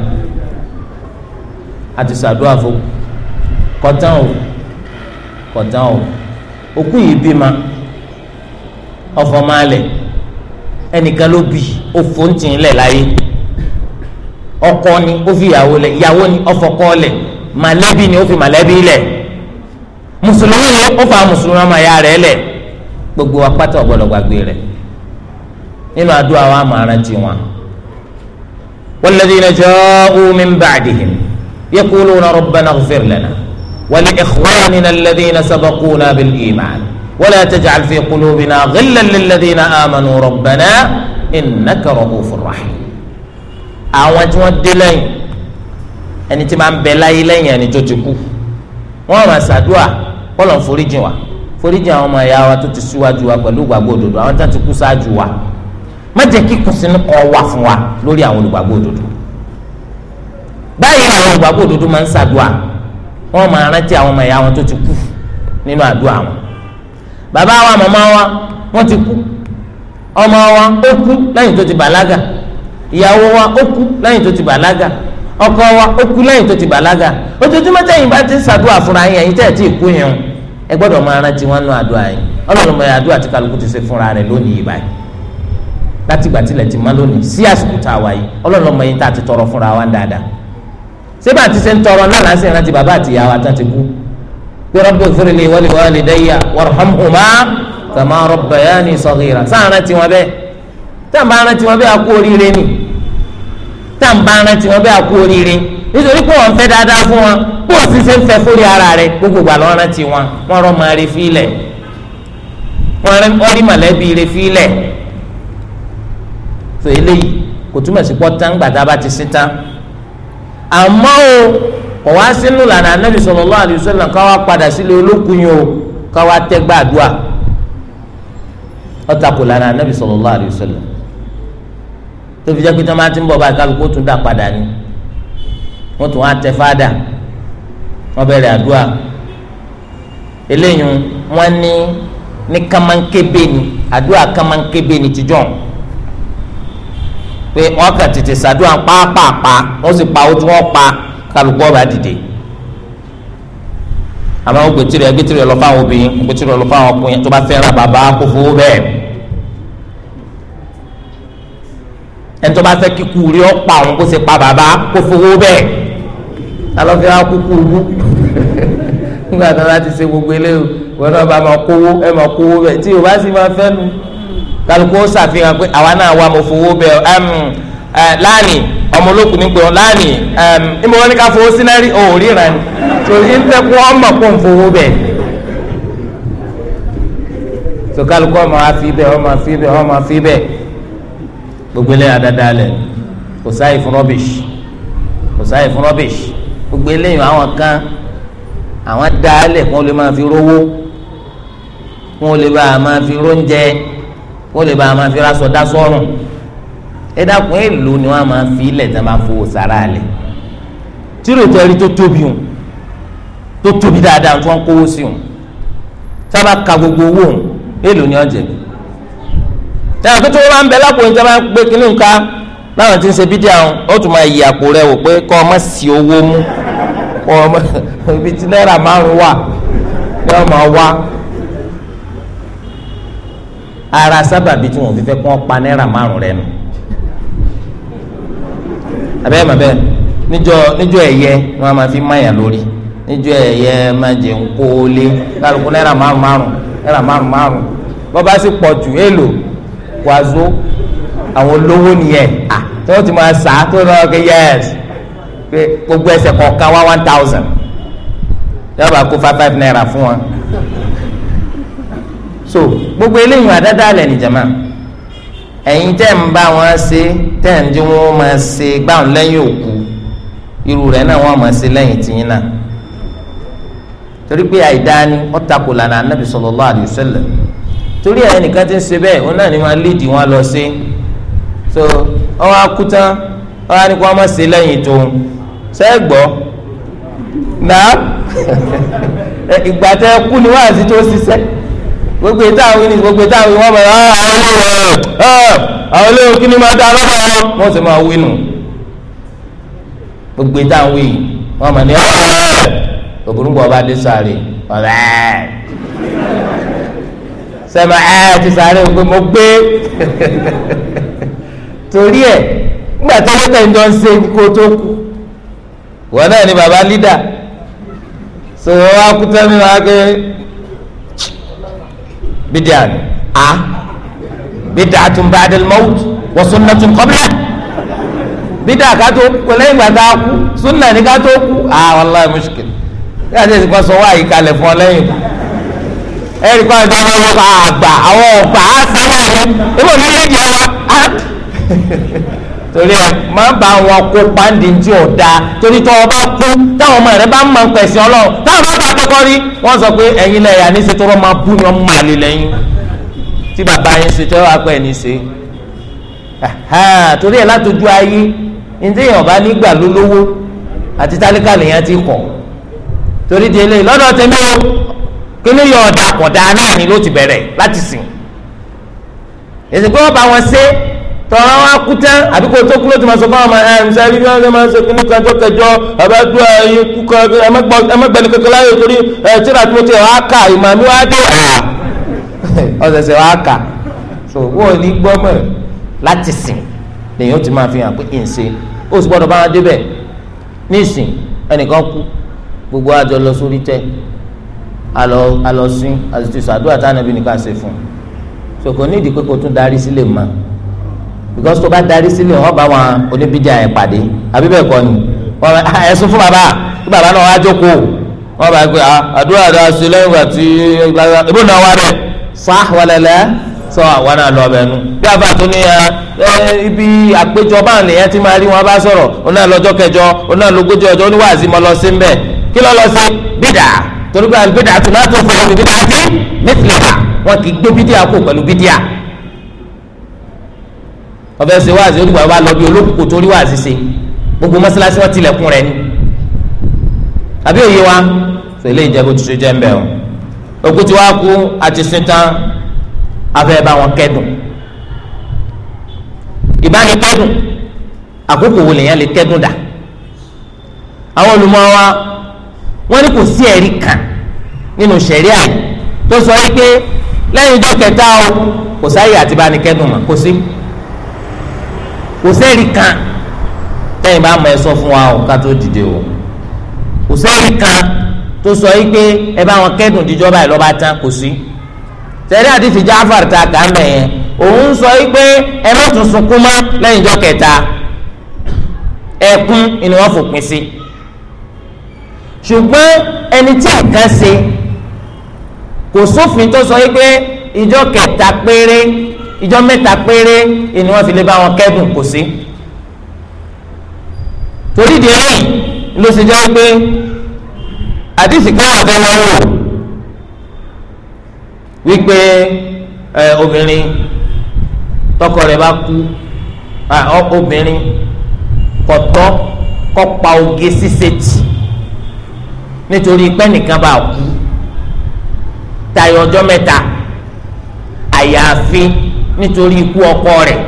àti sàdúrà fún kọtán o kọtán o òkú yìí bímọ ọfọ máa lẹ ẹnìkan ló bì òfò ń tì láyé ọkọ ni ó fi ìyàwó lẹ ìyàwó ni ọfọ kọ lẹ màlẹ́bí ni ó fi màlẹ́bí lẹ mùsùlùmí ni ó fa mùsùlùmí ọmọ ìyá rẹ̀ lẹ gbogbo apátá ọgbọdọ gbàgbé rẹ̀ nínú àdúrà wa máa rántí wọn. والذين جاءوا من بعدهم يقولون ربنا اغفر لنا ولإخواننا الذين سبقونا بالإيمان ولا تجعل في قلوبنا غلا للذين آمنوا ربنا إنك رؤوف رحيم àwọn tí wọ́n dé lẹ́yìn ẹni tí máa bẹ láyé lẹ́yìn ẹni tó ti kú wọ́n máa ṣàdúà kọlọ foríjìn wa foríjìn àwọn ọmọ ẹ̀yà wa tó ti síwájú wa pẹ̀lú ìgbàgbọ́ òdodo àwọn tó ti kú ṣáájú wa má jẹ́ kí kùsínú kan wà fún wa lórí àwọn olùgbàgbọ́ òdodo báyìí àwọn olùgbàgbọ́ òdodo máa ń ṣàdúà wọ́n máa rántí àwọn ọmọ ìyá wọn tó ti kú nínú àdúà wọn bàbá wa màmá wa wọ́n ti kú ọmọ wa ó kú lẹ́yìn tó ti bàlágà ìyàwó wa ó kú lẹ́yìn tó ti bàlágà ọkọ wa ó kú lẹ́yìn tó ti bàlágà ojoojúmọ́ tẹ̀yìn bá ti ṣàdúà fúnra yẹn ẹ̀yin tẹ̀ ti kú yẹn ẹ gbọ́dọ̀ máa rántí wọn nú àdúà yẹn ọlọ́run mọ̀ àdúà tí kálukú ti ṣe fúnra rẹ̀ lónìí báyìí látìgbà tilẹ̀ ti má lónìí sí àsìkò tá a wà yìí ọlọ́run lọ́mọ yín tá a ti tọrọ fúnra wa dáadáa sébà ti ṣe ń tọrọ náà láti rántí bàbá àti ìyá wa tán ti kú pé rabbi ighfir li wa li walidayya warhamhuma kama rabbayani saghira sáà rántí wọn bẹ́ẹ̀ táà bá rántí wọn bẹ́ẹ̀ a kú oríire ni táà bá rántí wọn bẹ́ẹ̀ a kú oríire nítorí pé wọn fẹ́ dáadáa fún wọn pé so eléyìí kò túmọ̀ sí pọ́ tán gbàtà bá ti sí tán àmọ́ o kò wá sínú lànà anábì sallallahu alaihi wasallam káwá padà sílé olókùn yìí o káwá tẹ́gbà àdúrà ọ̀tàkùn lànà anábì sallallahu alaihi wasallam tó fi jẹ́ pé tí wọ́n bá ti ń bọ̀ báyìí kálukú tún dà padà ni wọ́n tún á tẹ fáadà wọ́n bẹ̀rẹ̀ àdúrà eléyìí wọ́n ní ní kàmánkébé ni àdúrà kàmánkébé ni tìjọ́ pé wọn kàn tètè ṣàdúrà pàápàá wọn sì pa owó tí wọn pa kálukú ọba dìde àmọ́ wọn gbẹtìrì ẹ gbẹtìrì ọlọpàá àwọn obìnrin wọn gbẹtìrì ọlọpàá àwọn ọkùnrin tó bá fẹ́ràn bàbá kó fowó bẹ́ẹ̀ ẹni tó bá fẹ́ kíkú rí ọ̀pá àwọn kó ṣe pa bàbá kó fowó bẹ́ẹ̀ alọ́fẹ́ wa kúkú wú nígbà tó bá ti ṣe gbogbo eléyìí wọn náà bá máa kówó ẹ máa kówó bẹ́ẹ̀ tí o bá sì máa fẹ́ nu. kaluku ó ṣàfihàn pé àwa náà wà mo fowó bẹ ẹ ọmọ olókùn ní pé láàní ní ká fowó sí náà rí ni tó ní ń tẹ́kun ọmọ pọ̀ ń fowó bẹ̀ tó kálukú ọmọ afi bẹ ọmọ afi bẹ ọmọ afi bẹ gbogbo eléyà lẹ kò fún kò fún wọ́n lè ba àwọn afẹ́ra sọ dá sọ́rùn ẹ dákun ẹ lò ni wọ́n máa fi ilẹ̀ tán máa fowó sára lẹ̀ tírò tẹ́rí tó tóbi hùn tó tóbi dáadáa tó ń kówó sí hùn sábà ka gbogbo owó hùn ẹ lò ni wọ́n jẹ̀bi tẹ́lẹ̀ pé tí wọ́n máa ń bẹ lápò ìjọba gbé kínní nǹkan láwọn tí ń ṣe bídíà hùn ó tún máa yí àpò rẹ̀ wò pé kọ́ ọ má sí owó mú kọ́ ọ má ibi tí náírà márùn-ún wà ara sábàbí tí wọn fi fẹ́ kí wọ́n pa náírà márùn rẹ nù abẹ́rẹ́ màbẹ́ níjọ́ níjọ́ ẹ̀yẹ wọn a máa fi máyà lórí níjọ́ ẹ̀yẹ máa jẹ nkóolé kálukú náírà márùn márùn náírà márùn márùn bọ́bá sì pọ̀ jù èèlò wàzó àwọn olówó nìyẹn à tí wọ́n ti máa sà á tó lọ́wọ́ kí yẹ́s pé gbogbo ẹsẹ̀ kọ̀ọ̀kan wá one thousand yọ̀bà kó five five náírà fún wọn so gbogbo eléyìí àdáda lẹ̀ ní jama ẹ̀yin tẹ́ ń bá wọn ṣe tẹ́ ń dín wọn máa ṣe gbáhùn lẹ́yìn òkú irú rẹ̀ náà wọn máa ṣe lẹ́yìn tìyín náà torí pé àìdáni ọ̀tàkùn lànà anábì sallallahu alaihi wasallam torí ẹ̀ nìkan ti ń ṣe bẹ́ẹ̀ òun náà ni wọn léèdì wọn lọ sí so ọwọ́ akútán ọwọ́ anìkú wọn máa ṣe lẹ́yìn tóun ṣe é gbọ́ náà ìgbà tẹ́ kú ni wọ́n àti tó ṣiṣẹ́. gbogbo ètò ah, àwọn ènìyàn gbogbo ètò àwọn ènìyàn wọn bẹ̀rẹ̀ àwọn eléyìí àwọn eléyìí kí ni máa dá lọ́wọ́ wọn wọ́n sì máa wí nù gbogbo ètò àwọn èyí wọ́n máa ní ah, ògùrùngbọ̀ ọba dé sáré ọ̀rẹ́ sẹ́mi ẹ̀ ti sáré ògbé mo gbé torí ẹ̀ nígbà tó lọ́tẹ̀ ń jọ ń ṣe kó tó kú wọn náà ni baba lídà sọ wọn wá kú tẹ́mi wá ké bídíà ni a bídíà tún bá adé mọ́wùt wọ́n súnà tún kọ́bílà bídíà ká tó kú lẹ́yìn ìgbà tá a kú súnà ní ká tó kú a wàlláhi mushkil bí ti sèkọ́ sọ wá yìí kalẹ̀ fún ọ lẹ́yìn kú ẹ̀rí kan tó àwọn ọgbà àwọn ọgbà á sáwọ́ ọ̀hún ìbò ní lẹ́yìn ọ̀hún á torí ẹ má bá wọn kó pàǹdì tí ò dáa torí tó o bá kú táwọn ọmọ rẹ bá ń mọ pẹ̀sì ọlọ́run táwọn bá bá kọ́kọ́ rí wọ́n sọ pé ẹ̀yin lẹ̀ yà ní sètòrọ́ máa bú ni ọmọ àlè lẹ́yìn tí bàbá yẹn ṣe tẹ́wọ́ apẹ́ ní ṣe torí ẹ látọjú ayé ǹjẹ́ èèyàn bá nígbà lólówó àti tálíkà lèèyàn ti kọ̀ torí di eléyìí lọ́dọ̀ tèmi o kíní yọ ọ̀dà àkọ̀dà náà ni ló ti bẹ̀rẹ̀ láti sìn èsì pé wọn ṣe tọ́ra wa kú tán àbí kò tó kú ló ti máa sọ fún àwọn ẹ̀ ǹsẹ́ bí wọ́n ṣe máa ṣe kí ní kanjọ́ kẹjọ àbájọ ẹ̀yìn kúkọ ẹ̀mẹ́gbẹ̀ni kankan láyé torí ẹ̀ tíra tó ti wá kà ìmọ̀ mi wá dé wà ọ̀sẹ̀sẹ̀ wá kà so wọ́n ò ní gbọ́ mọ̀ láti sìn lèyìn ó ti máa fi hàn pé ìǹsẹ̀ ó sì gbọ́dọ̀ bá wọn débẹ̀ ní ìsìn ẹnìkan kú gbogbo àjọ lọ sórí tẹ alọ alọ sin àti tùsàdúrà tánàbí nìkan ṣe fún so kò ní ìdí pé kò tún darí sílẹ̀ mọ́ because tó bá darí sílẹ̀ wọ́n bá wọn oníbíjà yẹn pàdé àbí bẹ́ẹ̀ kọ́ ni wọ́n bá ah, ẹ̀sùn fún bàbá kí bàbá náà wá jókòó wọ́n bá gbé ah, àdúrà dáa sí lẹ́yìn ìgbà tí ìbò náà wá bẹ̀ sá wàlẹ́lẹ́ sọ àwọn náà lọ bẹ̀nu bí àbá tó ní ah, ibi àpéjọ báwọn lèyẹn ti máa rí wọn bá sọ̀rọ̀ òun náà lọ́jọ́ kẹjọ òun náà lọ́gọ́jọ ọjọ́ oníwàásí mọ́ lọ sí ń bẹ̀ kí lọ́ lọ sí bídà torí pé àlùbídà tó náà tó fọwọ́ mi bídà sí nítorí wọn kì í gbé bídíà kó pẹ̀lú bídíà ọbẹ̀ ṣe wáàzì ó dìgbà wá lọ bí olókùkù torí wáàzì ṣe gbogbo mọ́sálásí wọn tilẹ̀kùn rẹ̀ ni àbí òye wa fèlè ìjẹ́bù tuntun jẹ́ ń bẹ̀ o òkú tí kú àti sintan afẹ́ bá wọn kẹ́dùn ìbáni kẹ́dùn àkókò wo lèèyàn lè kẹ́dùn dà àwọn olùmọ̀ wa wọ́n ní kò sí ẹ̀rí kan nínú ṣẹ̀ríà tó sọ wípé lẹ́yìn ọjọ́ kẹta o kò sáyè àti báni kẹ́dùn mọ́ kò sí kò sẹ́ẹ̀rì kan tẹ́yìn bá mọ ẹ sọ fún wa o ká tó dìde o kò sẹ́ẹ̀rì kan tó sọ yìí pé ẹ bá wọn kẹ́dùn díjọ́ báyìí lọ́ba tán kò sí sẹ́ẹ̀rì àdìsí Jáfàr ta kà mẹ́ yẹn òun sọ yìí pé ẹ má tún sunkún mọ́ lẹ́yìn ìjọ kẹta ẹkún ni wọ́n fòpin sí ṣùgbọ́n ẹni tí ẹ̀kan ṣe kò sófin tó sọ yìí pé ìjọ kẹta péré ìjọ mẹ́ta péré ni wọ́n fi lè bá wọn kẹ́dùn kò sí torí di ẹ̀yìn ló ṣe jẹ́ pé àdìsí kan wà fẹ́ máa ń wò wípé obìnrin tọkọ rẹ̀ bá kú obìnrin kọ̀tọ́ kọ́ oge ṣíṣe tì nítorí pé nìkan bá kú tayọ ọjọ́ mẹ́ta àyàfi nítorí ikú ọkọ rẹ̀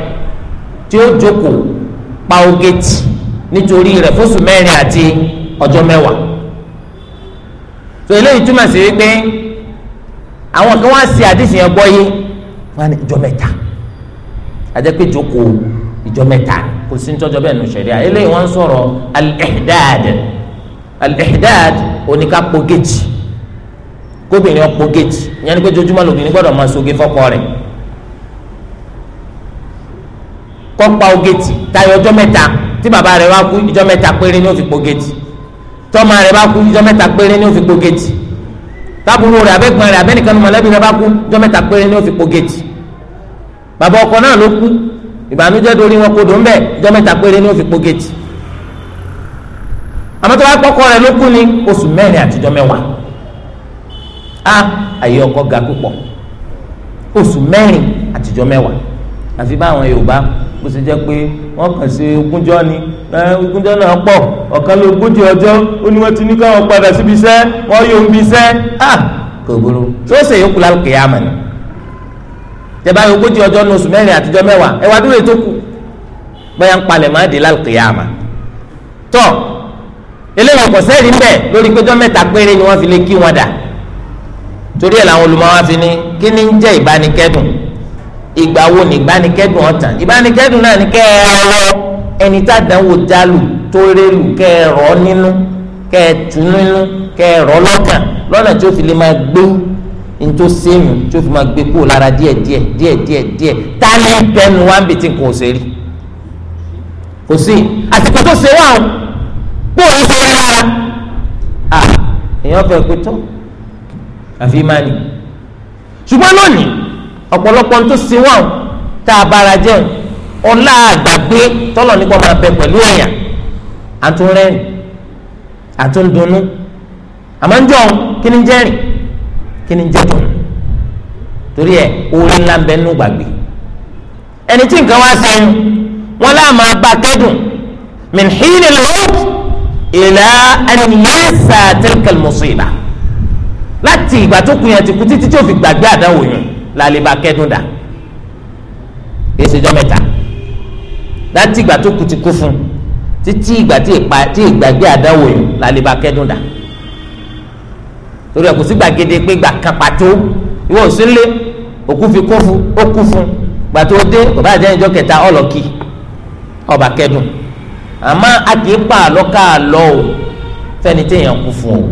tí ó jókòó pa oge tì nítorí rẹ̀ fóṣù mẹ́rin àti ọjọ́ mẹ́wàá tó eléyìí túmọ̀ sí wípé àwọn kan wá sí àdìsí yẹn gbọ́ yé wọn ní ìjọ mẹ́ta àjẹpẹ́ jókòó ìjọ mẹ́ta kò sí nítọ́jọ́ bẹ́ẹ̀ nù sẹ̀ríà eléyìí wọ́n ń sọ̀rọ̀ al-ihdad al-ihdad oníkà pogéjì kóbìnrin ọ̀pọ̀ géjì ìyẹn ni pé jojúmọ́ lóbìnrin gbọ́dọ̀ máa soge fọ́kọ rẹ̀ kọ́pa ogeti tayọ ọjọ́ mẹ́ta tí bàbá rẹ̀ bá kú ìjọ́ mẹ́ta péré ní ó fi po géètì tọ́mọ rẹ̀ bá kú ìjọ́ mẹ́ta péré ní ó fi po géètì tábùrù rẹ̀ abẹ́gbọ̀n rẹ̀ abẹ́nìkan mọ̀lẹ́bí rẹ̀ bá kú ìjọ́ mẹ́ta péré ní ó fi po géètì bàbá ọkọ náà ló kú ìbànújẹ́ dorí wọn kodò ńbẹ ìjọ́ mẹ́ta péré ní ó fi po géètì àmọ́ tó kọ́kọ́ rẹ̀ ló kú ní oṣù mẹ́rin àtijọ́ mẹ́wàá a àyè ọkọ ga púpọ̀ oṣù mẹ́rin àtijọ́ mẹ́wàá àfi báwọn Yorùbá bó ṣe jẹ́ pé wọ́n kàn ṣe ogúnjọ́ ni ogúnjọ́ náà pọ̀ ọ̀kan ló ogójì ọjọ́ ó ní wọ́n ti ní káwọn padà síbi iṣẹ́ wọ́n yóò ń bi iṣẹ́ ah kò burú tó ṣe yókù lálùkè yá mọ̀ ni tẹ́bá yóò ogójì ọjọ́ ní oṣù mẹ́rin àtijọ́ mẹ́wàá ẹ̀wà dúró ètò kù bóyá ń palẹ̀ máa dé lálùkè yá mọ̀ tọ́ eléyìí ọkọ̀ sẹ́ẹ̀rì ń bẹ̀ lórí péjọ́ mẹ́ta péré ni wọ́n fi lè kí wọn dà torí ẹ̀ làwọn olùmọ̀ wá fi ní kí ń jẹ́ ìbánikẹ́dùn ìgbà wo ni ìbánikẹ́dùn ọ̀tàn ìbánikẹ́dùn náà ni kẹ́ ẹ lọ ẹni tá àdánwò dálù tó rélù kẹ́ ẹ rọ́ nínú kẹ́ ẹ tù nínú kẹ́ ẹ rọ́ lọ́kàn lọ́nà tí ó fi lè máa gbé ntó sẹ́yìn tí ó fi máa gbé kúrò lára díẹ̀ díẹ̀ díẹ̀ díẹ̀ díẹ̀ tá a ní bẹ́ẹ̀nu wá ń bì tí nǹkan ò ṣe rí kò sí àsìkò tó ṣe wà kó o ṣe lára à èèyàn fẹ́ pé tó àfi má ni ṣùgbọ́n lónìí ọ̀pọ̀lọpọ̀ tó sì wọ́n tá a bára jẹ́ ọlá àgbàgbé tọ́lọ̀ nípa máa bẹ pẹ̀lú ẹ̀yà àtúnrẹ́rìn àtúndùnnú àmọ́ ń jọ kí ni jẹ́rìn kí ni jẹ́ dùn torí ẹ̀ orí ńlá ń bẹ nínú gbàgbé ẹni tí nǹkan wá sẹ́yìn wọn láà máa bá kẹ́dùn min hiin al-mawt ila an yansa tilka al-musiba láti ìgbà tó kù yẹn ti kú títí tí ó fi gbàgbé àdáwò yẹn lálẹ́ bá kẹ́dùn dà kìí ṣe jọ́ mẹ́ta láti ìgbà tó kù ti kú fún títí ìgbà tí ìpa tí ìgbàgbé àdáwò yìí lálẹ́ bá kẹ́dùn dà torí ẹ̀ kò sí gbàgede pé gbà kan pàtó ìwọ òsínlé òkú fi kú fún ó kú fún gbà tó dé bàbá àjẹ́ ìjọ kẹta ọlọ́kì ọba kẹ́dùn àmọ́ a kìí pa àlọ́ ká àlọ́ o fẹ́ni téèyàn kú fún o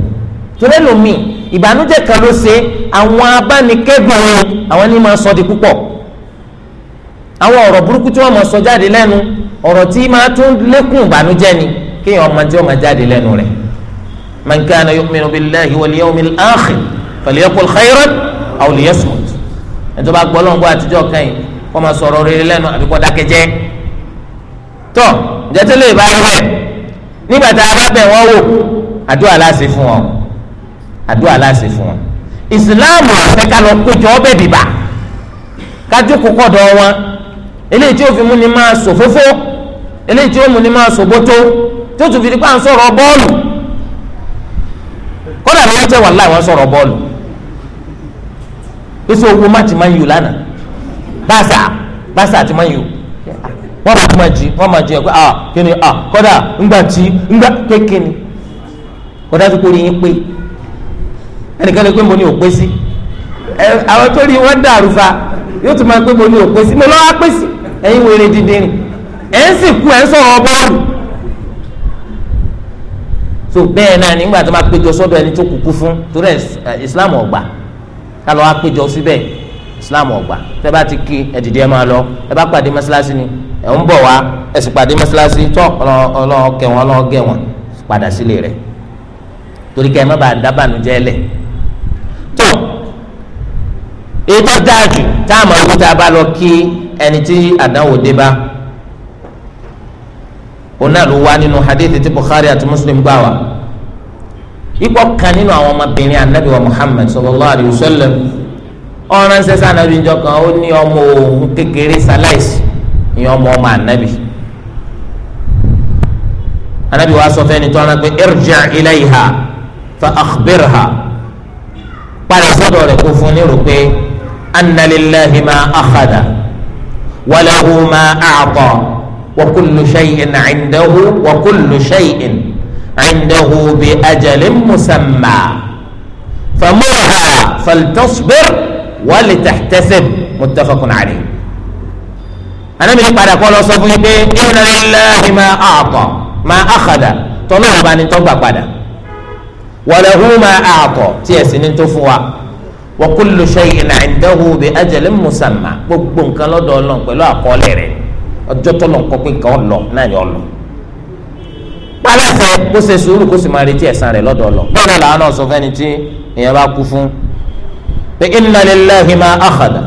torí ẹlòmíì ìbànújẹ́ kan ló ṣe àwọn abánikẹ́dùn àwọn ní máa sọ di púpọ̀ àwọn ọ̀rọ̀ burúkú tí wọ́n máa sọ jáde lẹ́nu ọ̀rọ̀ tí máa tún lékún ìbànújẹ́ ni kéèyàn ọmọ tí wọ́n máa jáde lẹ́nu rẹ̀ man kana yu'minu billahi wal yawmil akhir falyaqul khayran aw liyasmut ẹni tó bá gbọ́ lọ́ngbọ́ àtijọ́ kan yìí kó máa sọ̀rọ̀ rere lẹ́nu àbí kó dákẹ́jẹ́ tọ́ ǹjẹ́ tó lè nígbà tá a bá bẹ̀ wọ́n wò àdúrà láti fún wọn. àdúrà láti fún wọn ìsìláàmù àfẹ́kálọ̀ péjọ ọbẹ̀ bìbà kájókò kọ́dọ̀ wọn eléyìí tí ó fi mú ni máa sòfófó eléyìí tí ó mú ni máa sòbótó tó tún fi di pa ń sọ̀rọ̀ bọ́ọ̀lù kódà ní wọ́n tẹ̀ wàhálà wọ́n sọ̀rọ̀ bọ́ọ̀lù ó sì owó máàtì máa yù lánàá báàsà báàsà máa yù wọ́n ẹnìkan lè mo ní òpè sí àwọn tó rí wọn dàrú yóò tún máa pé mo ní òpè sí mo lọ́wọ́ pè sí ẹ̀yin wèrè dídín ẹ̀ ń sìnkú ẹ̀ ń sọ̀rọ̀ bọ́ọ̀lù so bẹ́ẹ̀ náà nígbà tó máa péjọ sọ́dọ̀ ẹni tó kúkú fún torí Islam ọ̀gbà ká lọ́ọ́ síbẹ̀ Islam ọ̀gbà tẹ́ bá ti kí ẹ̀dìdì ẹ̀ máa lọ ẹ bá pàdé mọ́ṣáláṣí ni ẹ̀ ń bọ̀ wá ẹ̀ èyí tó dáa jù tá a mọ̀ owó tá a bá lọ kí ẹni tí àdánwò dé bá òun náà ló wá nínú hadith tí Bukhari àti Muslim gbà wá ikọ̀ kan nínú àwọn ọmọbìnrin anabi wa Muhammad sallallahu alayhi ọ̀ràn ṣẹṣẹ anabi njọ kan ó ní ọmọ òun kékeré ṣaláìsì ní ọmọ ọmọ anabi anabi wa sọ fẹ́ni tọ́ra pé irji' ilayha fa akhbirha padà sọ́dọ̀ rẹ̀ kó fún ní rò pé. أن لله ما أخذ وله ما أعطى وكل شيء عنده وكل شيء عنده بأجل مسمى فمرها فلتصبر ولتحتسب متفق عليه أنا من قال قال صفوي إن لله ما أعطى ما أخذ طلعوا بأن تبقى وله ما أعطى تيسن تفوى wa kullu shay'in 'indahu bi ajalin musamma gbogbo nǹkan lọ́dọ̀ Ọlọ́run pẹ̀lú àkọọ́lẹ̀ rẹ̀ ọjọ́ tó lọ́n kọ́ pé nǹkan ọ̀lọ́ náà ni ọ̀lọ́ pálásẹ̀ kó ṣe sùúrù kó sì máa retí ẹ̀san rẹ̀ lọ́dọ̀ Ọlọ́run bẹ́ẹ̀ làwọn náà sọ fẹ́ni tí èèyàn bá kú fún pé inna lillahi ma akhadha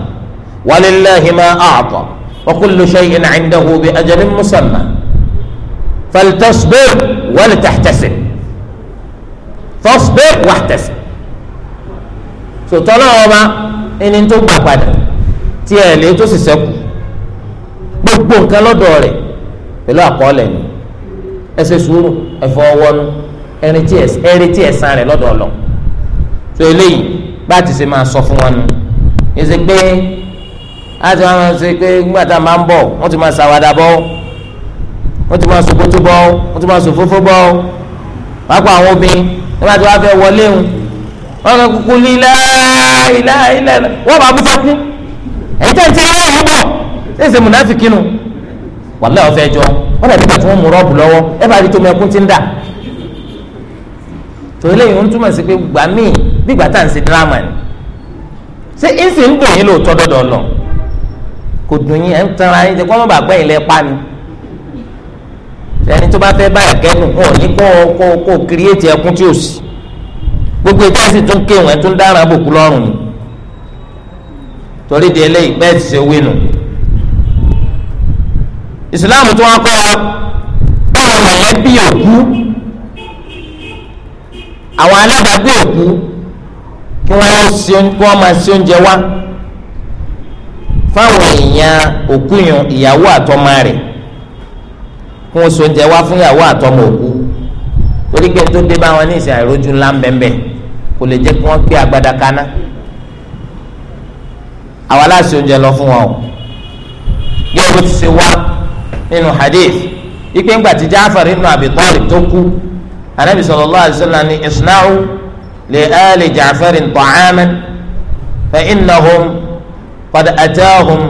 wa lillahi ma a'ta wa kullu shay'in 'indahu bi ajalin musamma faltasbir wa litastasib fasbir wahtasib sòtọ́ náà ọba ẹni tó gbà padà tí ẹ̀ lè tó sì sẹ́kù gbogbo nǹkan lọ́dọ̀ rẹ̀ pẹ̀lú àkọọ́lẹ̀ ni ẹ ṣe sùúrù ẹ fọwọ́nu ẹni tí ẹ̀san rẹ̀ lọ́dọ̀ ọ̀lọ́ tó eléyìí bá ti ṣe máa sọ fún wọn nu èsì pé a ti máa ṣe pé nígbà tá a máa ń bọ̀ wọ́n ti máa ṣàwádà bọ́ wọ́n ti máa sòkòtò bọ́ wọ́n ti máa sòfófó bọ́ pápá àwọn obìnrin nígbà tí wọ́n á fẹ́ wọlé òun wọn bá kúkú lílá ilá ilá wọn bá búfọ kú ẹ̀yin tẹ̀ ń tẹ̀ láyà yín bọ̀ ṣé ṣe mùnáfíkì nù wàlẹ́ ọ̀fẹ́ jọ wọn dàbí bàtí wọn mú rọ́ọ̀bù lọ́wọ́ ẹ bá rí tó mẹ́kún ti ń dà ń túmọ̀ sí pé gbà míì bí gbà tá à ń ṣe dírámà ni ṣé ń sì ń dùn yín lóòótọ́ gbogbo ìtẹ́ sì tún kéwọn ẹ̀ tún dára àbùkù lọ́rùn ni torí di eléyìí bẹ́ẹ̀ ti ṣe wínu ìsìláàmù tí wọ́n kọ́ wa báwọn mọ̀lẹ́bí òkú àwọn alábàágbé òkú kí wọ́n máa ṣe oúnjẹ wá fáwọn èèyàn òkú yun ìyàwó àtọmọ rẹ̀ kí wọ́n ṣe oúnjẹ wá fún ìyàwó àtọmọ òkú torí pé tó dé bá wọn ní ìsìn àìrójú ńlá ń bẹ́ẹ̀ bẹ́ẹ̀ kò lè jẹ́ kí wọ́n gbé agbada kaná àwa láti oúnjẹ lọ fún wọn o yóò bó ti ṣe wá nínú hadith ipe ńgbà tí Jaafar ibn Abi Talib tó kú anabi sallallahu alaihi wasallam ni isna'u li ali Jaafar ta'aman fa innahum qad ataahum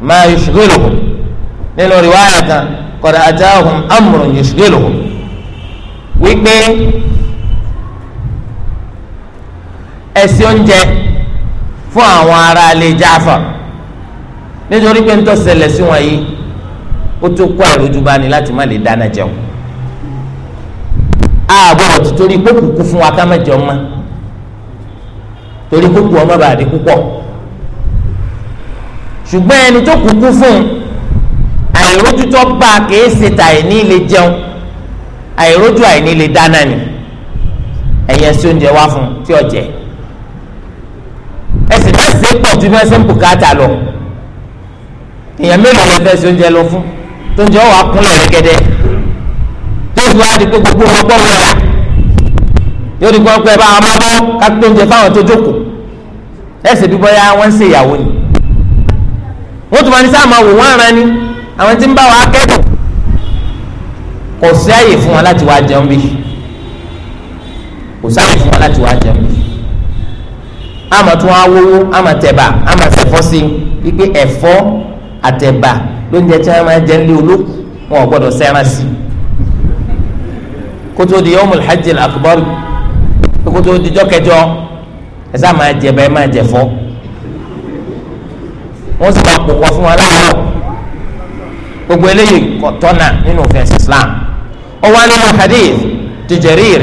ma yushghiluhum nínú riwaayà kan qad ataahum amrun wípé. ẹsẹ oúnjẹ fún àwọn ará ilé Jaafar nítorí pé ntọ́ ṣẹlẹ̀ sí wọn yìí ó tó kó àìrójú bá ní láti má lè dáná jẹun ààbọ̀ ọ̀tún torí pé kùkú fún wa ká má jẹun mọ́ torí kúkú ọmọ bá di púpọ̀ ṣùgbọ́n ẹni tó kúkú fún àìrójú tó bá kìí ṣe tàìní lè jẹun àìrójú àìní lè dáná ni ẹ̀yẹ sí oúnjẹ wá fún tí ọ̀jẹ̀ ṣe pọ̀ ju mẹ́sẹ̀ ń bùkátà lọ èèyàn mélòó lọ fẹ́ sí oúnjẹ lọ fún tó ń jẹ́ wàá kúnlẹ̀ rẹ́gẹ́dẹ́ tó ń wá di pé gbogbo wọn gbọ́ wọn rà yóò di gbọ́n pé bá wọn máa bọ́ ká pé oúnjẹ fáwọn tó jókòó ẹ̀sìn bí bọ́yá wọ́n ń ṣe ìyàwó ni wọ́n tún máa ní sáà máa wò wọ́n ara ni àwọn tí ń bá wàá kẹ́kọ̀ọ́ kò sí àyè fún wọn láti wá jẹun bí kò sáàyè fún wọn láti wá jẹun bí àmọ́ tún awówó àmọ́ tẹ̀bà àmọ́ sẹ̀fọ́ sí i pé ẹ̀fọ́ àtẹ̀bà lóúnjẹ tí wọ́n máa jẹ ń lé olókùn wọn ò gbọ́dọ̀ sẹ́ran sí i kótó di yawmul hajjil akbar kótó di jọ́kẹjọ ẹ sá máa jẹ bẹ́ẹ̀ máa jẹ fọ́ wọ́n sì máa pòpọ̀ fún wa láàárọ̀ gbogbo eléyìí kò tọ́nà nínú òfin Islam ó wá nínú hadith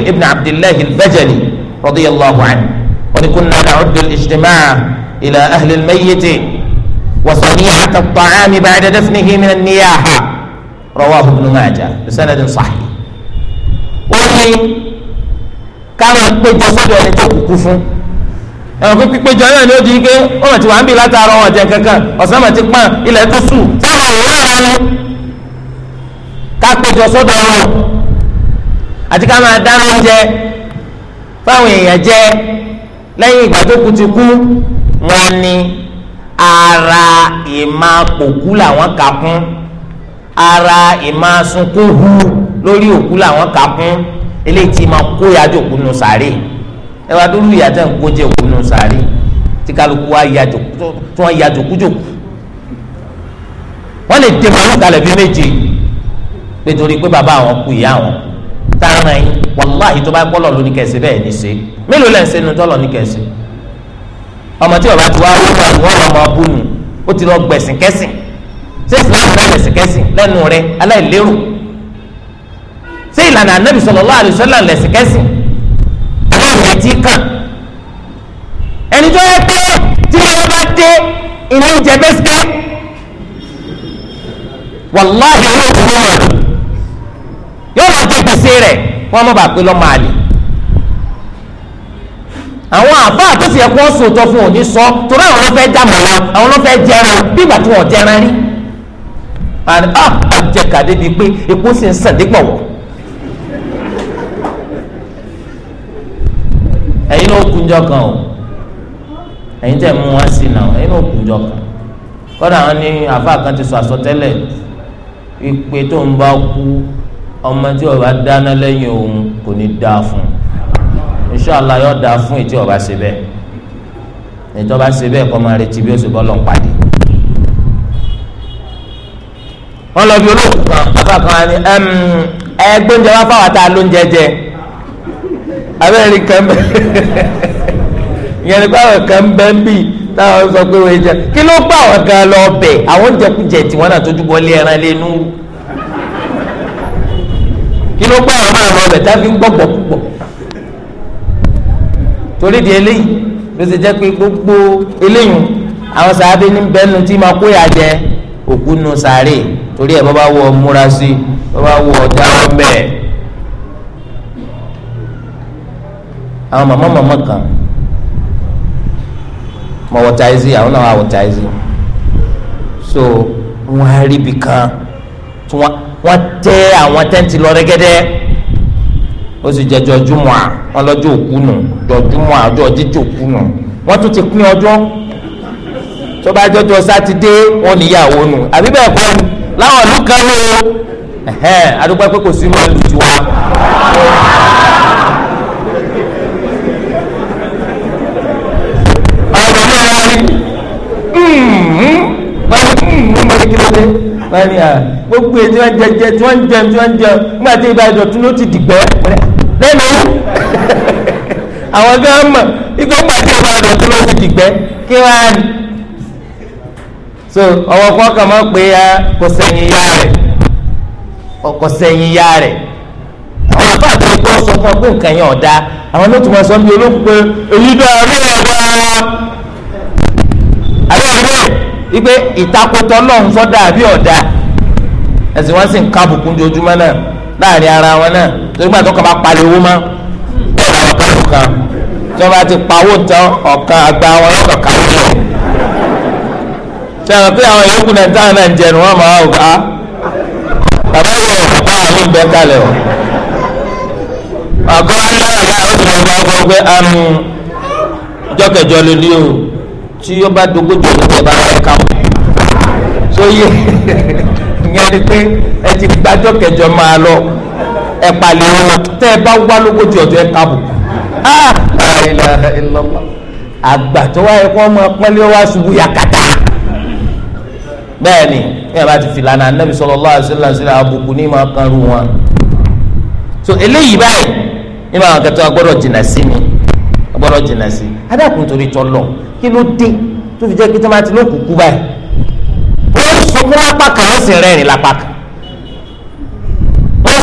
ibn Abdullahi al-Bajali radiyallahu anhu. ونكنا نعد الاجتماع إلى أهل الميت وصنيعة الطعام بعد دفنه من النياحة رواه ابن ماجه بسند صحيح وفي كما قلت صدر لتوقفوا ẹ̀rọ pípéjọ náà ni ó di ike wọ́n mọ̀ tí wàá ń bì látara wọn jẹ kankan ọ̀sán mọ̀ ti pọ́n ilẹ̀ tó sùn sáwọn òwúrọ̀ ara ni ká péjọ sọ́dọ̀ wọn àti ká máa dáná oúnjẹ fáwọn èèyàn jẹ lẹ́yìn ìgbà tó kú ti kú wọ́n ní ara ìmà pòkú làwọn kà kún ara ìmà sunkún hu lórí òkú làwọn kà kún eléyìí tí ma kó yájò kú nù sàárè ẹ wá dúró ìyàtọ̀ nǹkó jẹ́ òkú nù sàárè tí kálukú wa yájò tí wọ́n yájò kújòkú wọ́n lè dé màlúù kalẹ̀ bí méje nítorí pé bàbá àwọn kú ìyá àwọn tá a ràn yín wàláhì tó bá gbọ́lọ̀ lóní kẹsì bẹ́ẹ̀ ní í ṣe mélòó lẹ́ ń sẹ́nu tọ́lọ̀ ní kẹ̀sìn ọmọ tí bàbá ti wá wọ́n wà wọ́n lọ́mọ abúnu ó ti lọ gbẹ̀sìn kẹ́sìn ṣé ìsìláàmù náà lẹ̀sìn kẹ́sìn lẹ́nu rẹ aláìlérò ṣé ìlànà anábì sallallahu alaihi wasallam lẹ̀sìn kẹ́sìn aláìlẹ̀ tí kàn ẹni tó yẹ pé tí wọ́n bá dé ìní jẹ bẹ́sìkẹ́ wàláhì yóò fún wọn yóò máa jẹ gbèsè rẹ̀ wọ́n má bàa pé lọ́mọ àlè àwọn àbá àtúnṣe ẹ̀kọ́ sòótọ́ fún òní sọ torí àwọn ló fẹ́ àwọn ló fẹ́ bí tí wọ́n rí àní bá àjẹkà pé epo sì ń sàn wọ̀ ló kunjọ kan o sọ àsọtẹ́lẹ̀ ìpè tó bá kú ọmọ tí bá dáná kò ní dáa fún inṣàlá yóò dáa fún ètí ọba ṣe bẹ́ẹ̀ ètí ọba ṣe bẹ́ẹ̀ kọ́ máa retí bí ó ṣe bọ́ lọ́n pàdé. wọ́n lọ bí olóòkú kan bàbá kan á ní ẹgbẹ́njẹ wá fáwọn àtà lóúnjẹ jẹ abẹ́rẹ́ kan bẹ́ẹ̀ ìyẹn ní báwọn kan bẹ́ẹ̀ ń bì táwọn sọ pé wọ́n jẹ kí ló bá àwọn kan lọ bẹ̀ àwọn jẹkújẹ tí wọ́n náà tó dúbọ̀ lé ẹran lé nú kí ló bá àwọn máa lọ bẹ̀ tá a fi ń gbọ́ púpọ̀ torí di eléyìí ló ti jẹ́ pé gbogbo eléyìí àwọn sàábé ní bẹ́ẹ̀nu tí máa kó ìyàjẹ òkú nu sàárè torí ẹ̀ bọ́ bá wọ múra sí bọ́ bá wọ ọjà wọn bẹ́ẹ̀. àwọn màmá màmá kan mọ wọ́tá ẹ̀sì àwọn náà wà wọ́tá ẹ̀sì so wọ́n á rí ibì kan wọ́n tẹ́ àwọn tẹ́ǹtì lọ rẹ́gẹ́dẹ́ ó sì jẹjọ júmọ à wọn lọ́jọ́ òkú nù jọ júmọ à ọjọ́ jíjọ òkú nù wọn tún ti pín ọjọ́ tó bá jọjọ sátidé wọn níyàwó nù àbí bẹ́ẹ̀ kọ́ ni láwọn ìlú kan ló adúgbò pé kò sí mọ ìlú tiwa. Hmm, gbogbo ètò ẹjẹjẹ tí wọn ń jẹun tí wọn ń jẹun nígbà tí ibà ìdọ̀tún ló ti dìgbẹ́. lẹ́nu àwọn gan mọ̀ igbó pàṣẹ máa dọ̀ tó ló ti so ọwọ́ kan kàn máa pé kò sẹ́yìn yá rẹ̀ ọkọ̀ sẹ́yìn yá rẹ̀ àwọn àbá àti ẹ̀kọ́ sọ fún ọ nǹkan yẹn ọ̀dà àwọn ló tún wọn sọ bí olókùn pé èyí ní ìtakùtọ̀ náà ń nígbà tó kàn bá pariwo mọ́ ọ̀kan tí wọ́n bá ti pawó tán ọ̀kan àgbà wọn lọ́kàn ká lọ́wọ́ sẹ́wọ̀n pé àwọn yòókù náà táwọn náà ń jẹnu wọn máa wò ká ah, bàbá yìí ò bá àwọn ìgbẹ́ kalẹ̀ o ọ̀kan wọn náà bá àwọn ìgbà wọn gbọ́ pé jọ́kẹ̀jọ́ ah, mm, ló ní o tí yóò bá dogójò ló tẹ̀ bá wọn ká wọn sóyè ìyẹn ni pé ẹ ti gbàjọ́ kẹjọ máa lọ ẹ palẹ̀ wọn tẹ́ ẹ bá wá lógójì ọjọ́ ẹ kábùkù ah, àgbà tó wáyé kó ọmọ pọ́nlé wá ṣubú yakata bẹ́ẹ̀ni ẹ bá ti fìlànà anabi sallallahu alaihi wasallam àbùkù ní ma kan ru wọn. so eléyìí báyìí nínú àwọn kẹtọ agbọ́dọ̀ jìnnà sí ni agbọ́dọ̀ jìnnà sí adákùn torí tọlọ kí ló dé tó fi jẹ́ kí tó máa ti ló kúkú báyìí. wọ́n sọ fún apá kan ó sì rẹ́rìn lápá kan.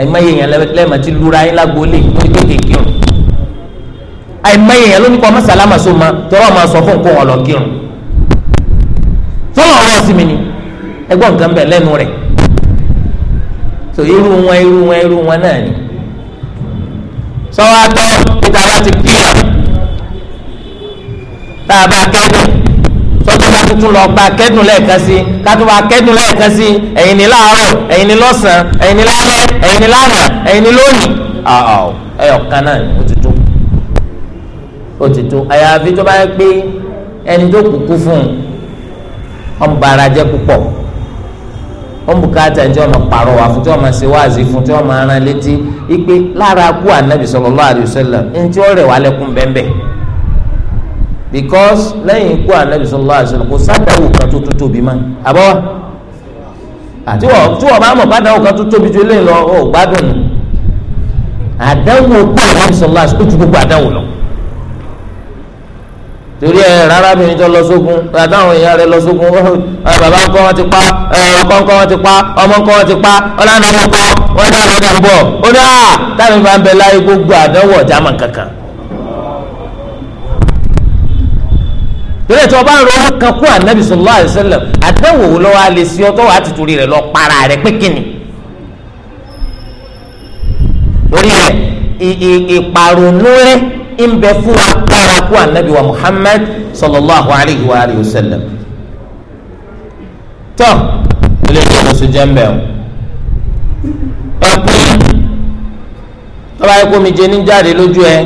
àìmọye yẹn lẹ́ẹ̀mọ́ ti lura yín lágbólé lórí kéékèèké o àìmọye yẹn ló ní kọ́ mọ́sálámà só ma tọ́wọ́ máa sọ fún kó wọn lọ kírun tọ́wọ́ ọ̀rọ̀ sí mi ni ẹgbọ́n nǹkan bẹ̀ lẹ́nu rẹ̀ so irú wọn irú wọn irú wọn náà ni sọ́wọ́ atọ́ níta bá ti pìlà tá a bá kẹ́dùn. kátó lọ gba kẹdùn lẹ́ẹ̀kan sí kátó wa kẹ́dùn sí ẹ̀yin ni láàárọ̀ ẹ̀yin lánàá lónìí. ẹyọ kan náà ó ti tó ti tó àyàfi tó bá yẹ pé ẹni tó kúkú fún un ọmọ bàrà jẹ púpọ̀ tí wọn wà fún tí wọn ṣe wáàzì ipe lára kú ànábì because lẹ́yìn ikú anabi sallallahu alaihi wasallam kò sádàwù kan tó tó tóbi mọ́ àbọ̀wá àti wọ́n tí wọ́n bá mọ̀ bàdàwù kan tó tóbi ju eléyìí lọ ọ̀ gbádùn ni àdánwò ikú anabi sallallahu alaihi wasallam ó ju gbogbo àdánwò lọ torí ẹ rárá mi níjọ lọ sógun àtàwọn èèyàn rẹ lọ sógun bàbá ńkọ́ wọn ti pa ọkọ ńkọ́ wọn ti pa ọmọ ńkọ́ wọn ti pa ọlànà wọn wọn dáná ọdà ó ní à ah! táwọn ìfà ń bẹ láyé gbogbo àdánwò ọjà mọ kankan lórí ètò ọba ń ro ọdún kan kú ànábì sallallahu alaihi wasallam àdánwò wo lọ́wọ́ alẹ́ sí ọ tọ́wọ́ àti torí rẹ̀ lọ para rẹ̀ pé kíni. lórí rẹ̀ ìpàrònú rẹ̀ ń bẹ fún wa para kú ànábì wa Muhammad sallallahu alaihi wa alihi wasallam. tọ́ ilé ìjọba sọ jẹ́ ń bẹ̀ ọ́ tọ́ba yẹ mi jẹ ní lójú ẹ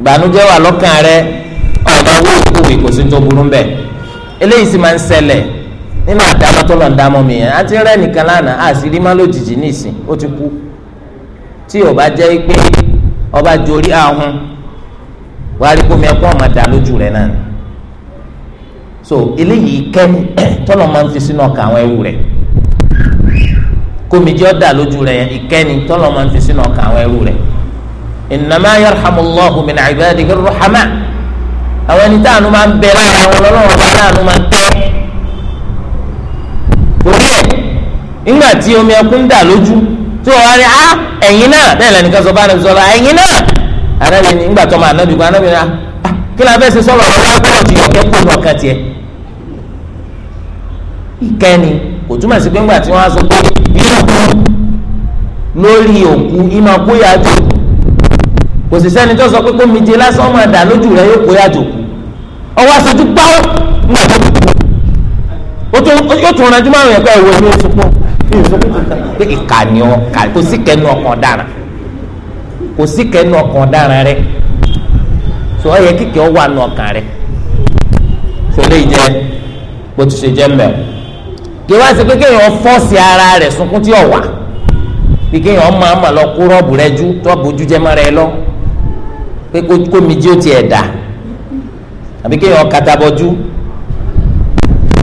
ìbànújẹ́ wà lọ́kàn rẹ̀ ọba owó ìkúwì kò sí tó burú bẹ́ẹ̀ eléyìí sì máa ń ṣẹlẹ̀ nínú àdámọ́ tó lọ́n dámọ́ mi yẹn àti rẹ́ nìkan lánàá rí má lójijì nísìn ó ti kú tí ò bá jẹ́ pé ọba jorí ahun wàá rí kómi ẹkún ọmọ dà lójú rẹ̀ náà ni so eléyìí kẹ́ni àwọn ẹni táànù máa ń bẹ lára wọn lọ́wọ́ ọba láàánú máa ń tẹ́ torí ẹ̀ nígbà tí omi ẹkún dà lójú tí wọ́n wá rí a ẹ̀yin náà bẹ́ẹ̀ lẹ́nu kan sọ bá anabi sọ̀rọ̀ ẹ̀yin náà anabi ni nígbà tó máa anabi kọ́ anabi ni a kí ni abẹ́ ṣe sọ̀rọ̀ ọ̀rọ̀ lágbọ́dọ̀ ti yọ̀ kẹ́kọ̀ọ́ ní ọ̀kan tiẹ̀ ìkẹ́ni kò túmọ̀ sí pé ńgbà tí wọ́n á sọ pé bíyà kú lórí òkú ìmọ̀ kóyàjò kò sì sẹ́ni tó sọ pé kó mi jẹ lásán máa dà lójú rẹ̀ yóò kóyàjò kú ọwọ́ aṣojú gbáwó ńgbà tó ti kú yóò tún ọ̀nà jùmọ̀ àwọn ẹ̀kọ́ ẹ̀wọ̀ ẹ̀mí ìsopọ̀ pé ìkà ni ọ kò sí kẹnu ọkàn dára kò sí kẹnu ọkàn dára rẹ tó ọ yẹ kíkẹ́ ọ wà nù ọkàn rẹ tó lè jẹ bó ti ṣe jẹ mẹ́ọ̀ kí wá sí pé kéèyàn fọ́ọ̀sì ara rẹ̀ sunkún tí ò wà bí kéèyàn máa mà lọ kó rọ́ọ̀bù rẹ jú tọ́ọ̀bù ojú jẹ́ mọ́ra ẹ lọ pé kó mi jí ó tiẹ̀ dáa àbí kéèyàn katabọjú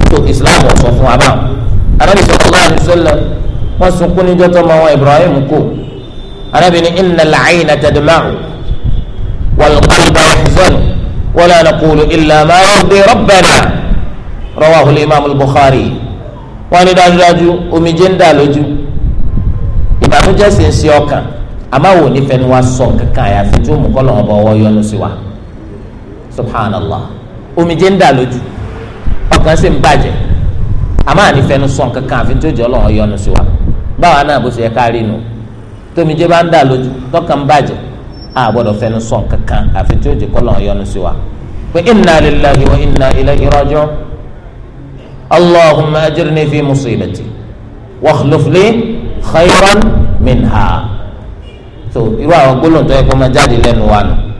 tó islam ọ̀sọ̀ fún wa báwọn anábì sallallahu alaihi wasallam wọn sunkún níjọ́ tó mọ wọn ibrahim kú anábì ní innal ayna tadma'u wal qalbu yahzanu wala naqulu illa ma yardi rabbana rawahu al-imam al-bukhari wọn ní dájúdájú omijé ń dà lójú ìbànújẹ́ sì ń ṣe ọkàn àmọ́ àwọn ni wọ́n sọ kankan àyàfi tí mú kọ́ lọ́wọ́ bọ̀ ọwọ́ yọnu sí wa subhanallah omijé ń dà lójú ọkàn sì ń bàjẹ́ àmọ́ àní fẹnu sọ kankan àfi tó jẹ́ ọlọ́run yọ́nú sí wa báwa náà bó ṣe yẹ ká rí nu tómijé bá ń dà lójú tọkàn ń bàjẹ́ a gbọ́dọ̀ fẹnu sọ kankan àfi tó jẹ́ ọlọ́run yọ́nú sí wa pé inna lillahi wa inna ilayhi raji'un allahumma ajirni fi musibati wakhluf li minha so irú àwọn gbólóhùn tó yẹ kó máa jáde lẹ́nu wa nù.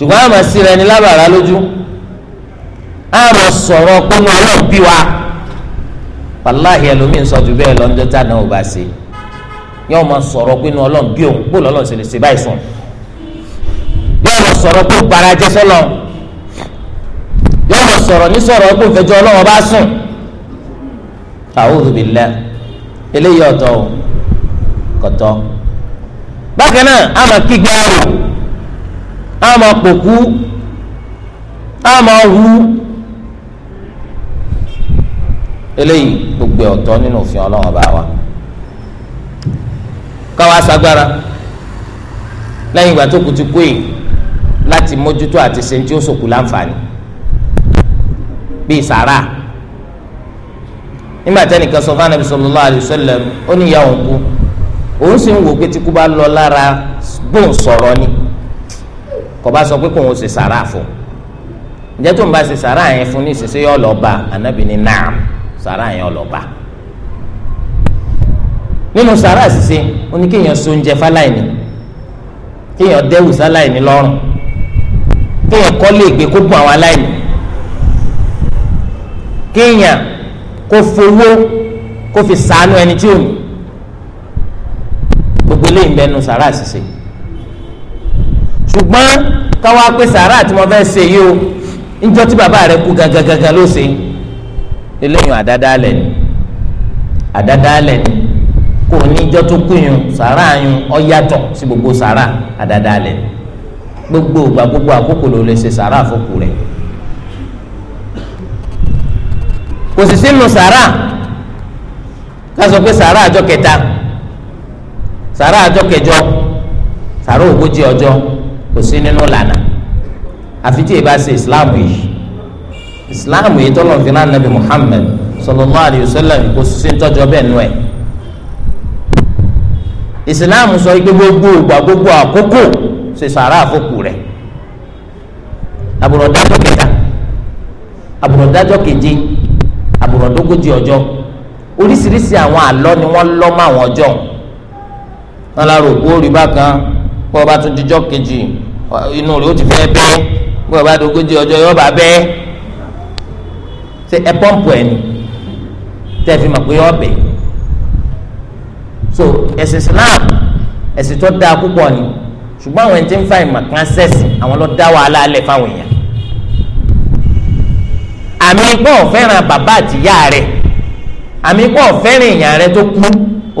ṣùgbọ́n àmọ̀ síra ẹni lábàrá lójú àmọ̀ sọ̀rọ̀ pé mo ọlọ́run bí wa wàláhì ẹlòmíín sọ ju bẹ́ẹ̀ lọ́njọ́ tá náà ò bá ṣe yóò máa sọ̀rọ̀ pé nu ọlọ́run bí òun gbó lọ́lọ́run sì lè ṣe báyìí fún un yóò máa sọ̀rọ̀ pé gbara jẹ́ sọ́lọ́ yóò máa sọ̀rọ̀ ní sọ̀rọ̀ pé òfẹ́jọ́ ọlọ́run bá sùn a'udhu billah eléyìí ọ̀tọ̀ kọ̀tọ̀ bákan náà àmọ̀ kígbe àrùn. a máa ama a máa eléyìí gbogbo nínú òfin ọlọrun bá wa káwa sagbára lẹ́yìn ìgbà tó kù ti kú láti mójútó àti ṣe tí ó sòkù láǹfààní bíi sàrà nígbà sọ ó ní kú òun sì ń wò pé tí kú bá lọ lára bóun ni. kò bá sọ pé kò ń ṣe sàrà fún ǹjẹ́ tó ń bá ṣe sàrà yẹn fún ní ìṣẹ̀ṣẹ̀ yọ lọ bá anabi ní naam sàrà yẹn ọ lọ bá nínú sàrà ṣíṣe ó ní kéèyàn so oúnjẹ fáláìní kéèyàn dẹ́wù sáláìní lọ́rùn kéèyàn kọ́lé ìgbé kó gun àwọn aláìní kéèyàn kó fowó kó fi sàánú ẹni tí ò ní gbogbo eléyìí ń bẹnu sàrà ṣíṣe ṣùgbọ́n káwá pé sàárà tí mo fẹ́ ṣe yìí o níjọ́ tí bàbá rẹ kú gangan ló ṣe eléyìn àdádálẹ̀ ni àdádálẹ̀ ni kò níjọ́ tó kú yun sàárà yun ọ yàtọ̀ sí gbogbo sàárà àdádálẹ̀ ni gbogbo ìgbà gbogbo àkókò ló lè ṣe sàárà àfọkù rẹ kò sì sínú sàárà ká sọ pé sàárà àjọ kẹta sàárà àjọ kẹjọ sàárà ogójì ọjọ́ kò sí nínú lànà àfi tí ìbá ṣe islam yìí islam yìí tó lọ́n fi rán nabi muhammed sallallahu alayhi wa sallam kò sí tọ́jọ́ bẹ́ẹ̀ nù ẹ̀ islam sọ pé gbogbo ìgbà gbogbo àkókò ṣe sàrà àfọkù rẹ̀ àbùrọ̀dájọ́ kẹta àbùrọ̀dájọ́ keje àbùrọ̀dógójì ọjọ́ oríṣiríṣi àwọn àlọ́ ni wọ́n lọ́ mọ́ àwọn ọjọ́ wọn lára òkú orí bákan pọ́ ọba tó dijọ́ kejì inú rẹ̀ ó ti fẹ́ bẹ́ bí wọ́n bá dogójì ọjọ́ yóò bá bẹ́ ṣe ẹ pọ́ǹpù ẹ̀ ni tẹ́ fi mọ̀ pé yóò bẹ̀ so ẹ̀sìn Islam ẹ̀sìn tó dáa púpọ̀ ni ṣùgbọ́n àwọn ẹni tí ń fa ìmọ̀ kan sẹ́sìn àwọn ló dá wàhálà alẹ́ fáwọn èèyàn àmì pọ̀ fẹ́ràn bàbá àtìyá rẹ̀ àmì pọ̀ fẹ́ràn èèyàn rẹ̀ tó kú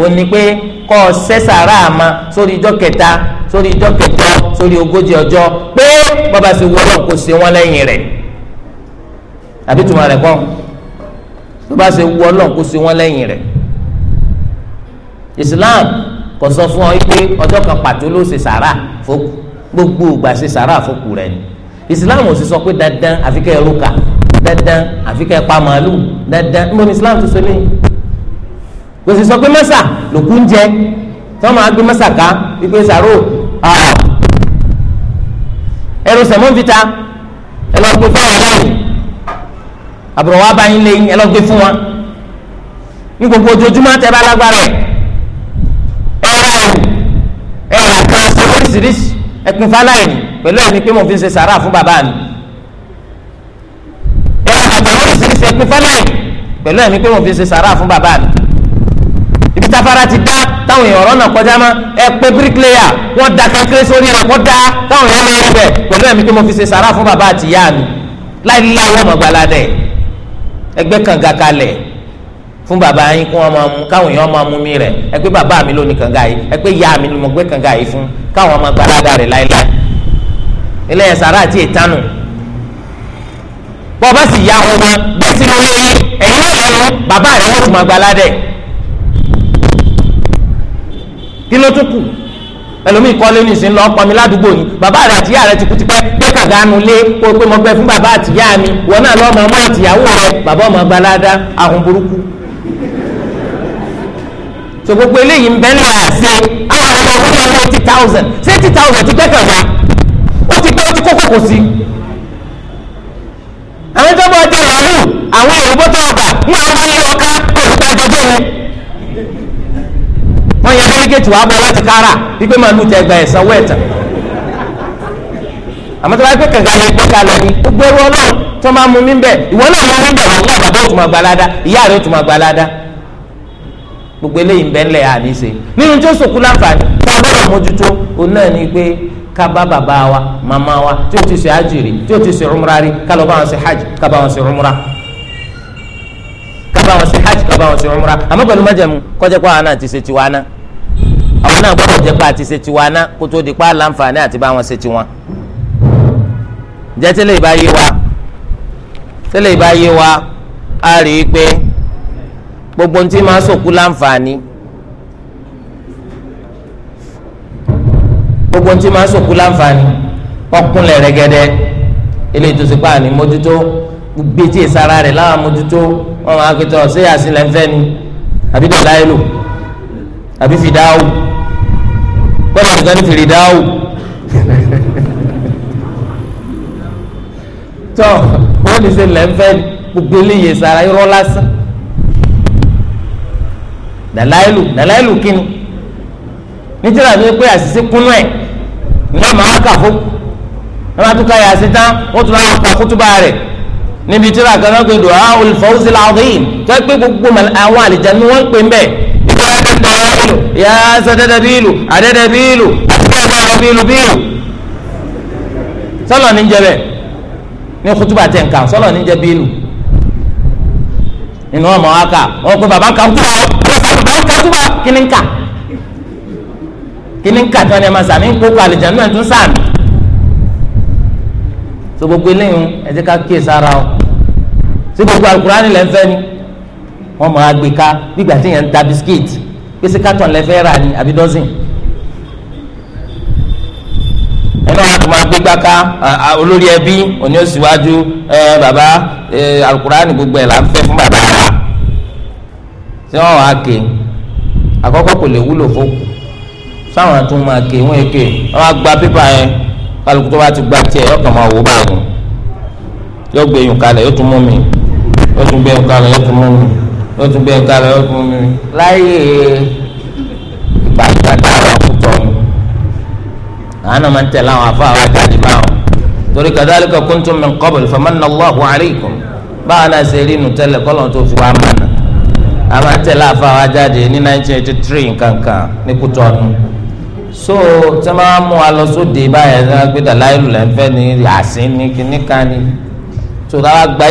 òní pé kọ́ ọ sẹ́sàrà àmọ́ sórí ijọ́ kẹta sórí ijọ́ kẹjọ sórí ogójì ọjọ́ pé bàbá sì wọ́n lọ́n kò sí wọn lẹ́yìn rẹ̀ àbí tùmọ̀ rẹ̀ kọ́ bàbá sì wọ́n lọ́n sí wọn lẹ́yìn rẹ̀ Islam kò sọ fún ọ pé ọjọ́ kan pàtó ló ṣe sàrà fókù gbogbo ìgbà ṣe sàrà fókù rẹ̀ ni Islam ò sì sọ pé dandan àfikẹ́ ẹrú kà dandan àfikẹ́ pa màálù dandan níbo ni Islam ti sọ lẹ́yìn kò sì sọ pé mẹ́sà lòkú ń jẹ tí máa gbé mẹ́sà ká wípé sàrò àrò ah. ẹrù sẹ̀mọ́nfìta ẹ lọ gbé fáwọn aláìní àbúrò wa bá yín léyìn ẹ lọ gbé fún wa ní gbogbo ojoojúmọ́ tẹ bá lágbára ẹ̀ ẹ ra ẹ̀ ẹ ra kan sí oríṣiríṣi ẹ̀pin fáláìní pẹ̀lú ẹ̀ ní pé mo fi ṣe sàrà fún bàbá mi ẹ ra kan sí oríṣiríṣi ẹ̀pin fáláìní pẹ̀lú ẹ̀ ní pé mo fi ṣe sàrà fún bàbá mi ibi tafara ti dá táwọn èèyàn ọ̀rọ̀ náà kọjá mọ́ ẹ pé bíríkìlẹ́yà wọ́n da kankéré sórí rẹ̀ wọ́n da táwọn èèyàn lè rí bẹ̀ pẹ̀lú ẹ̀mí tó mo fi ṣe sàrà fún bàbá àti ìyá mi láìláì wọ́n mọ̀ gbaládẹ́ ẹgbẹ́ kànga kalẹ̀ fún bàbá yín kí wọ́n máa mú káwọn èèyàn máa mú mi rẹ̀ ẹ pé bàbá mi ló ní kànga yìí ẹ pé ìyá mi ló mọ̀ gbé kànga yìí fún káwọn máa gbaládà rẹ̀ láìláì ilé ẹ̀ sàrà àti ìtanù bọ́ọ̀ bá kí ló tún kù ẹlòmíì kọ́lé ní ìsìn lọ ọkọ mi ládùúgbò ni bàbá rẹ àtìyá rẹ ti kú tipẹ́ pé kàdánù lé kó o pé mo gbẹ fún bàbá àtìyá mi wọn náà lọ́ọ́ máa mú àtìyàwó rẹ bàbá ọmọ gbalada ahùn burúkú. so gbogbo eléyìí ń bẹ́ ní àṣẹ àwọn ọmọ ọdún wọn eighty thousand ṣé eighty thousand ti pẹ́kẹ̀ wá ó ti pẹ́ ó ti kókò kò sí. àwọn ìjọba ọdún ìrọ̀lù àwọn òyìnbó tó ọgbà ń wá wọn ní ọkà wọ́n yẹ délégéètì wàá bọ̀ láti kára wípé màálù tẹ gba ẹ̀sán owó ẹ̀tàn àmọ́ tó bá pẹ́ kànga lè gbé kalẹ̀ ni gbogbo ẹrú ọlọ́run tó máa mú mi bẹ̀ ìwọ náà mú mi bẹ̀ wàhálà bàbá òtún máa gba ládá ìyá rẹ̀ òtún máa gba ládá gbogbo eléyìí ń bẹ́ ńlẹ̀ àní ṣe nínú tó sòkú láǹfààní ká gbọ́dọ̀ mójútó òun náà ni pé ká bá bàbá wa màmá wa tí ó ti ṣe àjèrè tí ó ti ṣe umra rí ká lọ bá wọn ṣe hajj ká bá wọn ṣe umra ká bá wọn ṣe hajj ká bá wọn ṣe umra àmọ́ pẹ̀lú májẹ̀mú kọjá pé náà ti ṣe tiwa náà àwọn náà gbọ́dọ̀ jẹ́ pé àti ṣe tiwa ná kó tó di pa láǹfààní àti bá wọn ṣe tiwọn. jẹ́ tẹ́lẹ̀ ìbá yé wa tẹ́lẹ̀ ìbá yé wa a rí i pé gbogbo ntí máa sòkú láǹfààní gbogbo ntí máa sòkú láǹfààní ọkùnlẹ̀ rẹ̀gẹ̀dẹ̀ eléyìí tó ṣe pa àní mójútó gbogbo etí ìsara rẹ̀ láwọn mójútó wọn máa pẹ̀tọ́ ṣé àṣìlẹ̀ ń fẹ́ ni àbí dọ̀láyé lò àbí fìdáwò kọ́lá nìkan ní fìrìdáwù tọ́ wọ́n ní sẹ́ lẹ́ńfẹ́ gbogbo eléyè sara irọ́ lásán dàláìlù dàláìlù kínní nítorí àti pé àṣìṣe kúnú ẹ̀ náà máa kà fún ẹ máa tún ká yàtí tán wọ́n tún máa kà kútúbà rẹ̀ níbi tíra kan náà pé du'a ul fawzil azim tó ẹ pé gbogbo àwọn àlìjáde ni wọ́n ń pè ń bẹ́ẹ̀. يا سددبيل عددبيل بيلو sọlọ ní jẹbẹ ní kutuba tẹ nǹkan sọlọ ní jẹ bílù nínú ọmọ wa ká wọn pe baba nǹkan kutuba baba nǹkan kutuba kíni nǹkan kíni nǹkan tí wọn yẹ ma sàmì ń kókó àlejò náà tún sàmì so gbogbo eléyìí ẹ jẹ ká kíyè sára o sí gbogbo alukurani lẹ ń fẹ ni wọ́n máa gbé ká gbígbà tí yẹn ń ta bisikíìtì pèsè kátọ̀n lẹ́fẹ́ rà ní àbí dọ́sìn. ẹnu àwọn àtùmọ̀ gbégbá ká olórí ẹbí òní òsíwájú bàbá alukurani gbogbo ẹ̀ là ń fẹ́ fún bàbá rà tí wọ́n wá ké àkọ́kọ́ kò lè wúlò fókù sáwọn àtúntò máa ké wọ́n ké wọ́n á gba pépà yẹn kálukú tó bá ti gba tiẹ̀ yọ kàn máa wò báyìí yọ gbẹ̀yìn kalẹ̀ yóò tún mú mi yóò tún gbẹ̀yìn kalẹ̀ yóò tún mú mi ó tún gbé ọ̀gá rẹ̀ ó tún mímí láyé ìgbà ìgbàdá àwọn akútọ̀ mi àánà máa ń tẹ̀lé àwọn afọ àwọn àjáde báwọn torí kadhalika kuntum min qabl famanna Allahu alaykum báwa náà ṣe rí inú tẹ́lẹ̀ kọ́lọ̀ tó fi wá mọ̀nà a máa ń tẹ̀lé afọ àwọn àjáde ní 1983 kankan ní Kútọ́nù so tí wọ́n mú wa lọ sóde báyẹn ní wọ́n lẹ́ńfẹ́ ní àsín ní kíníkan ní so táwa gba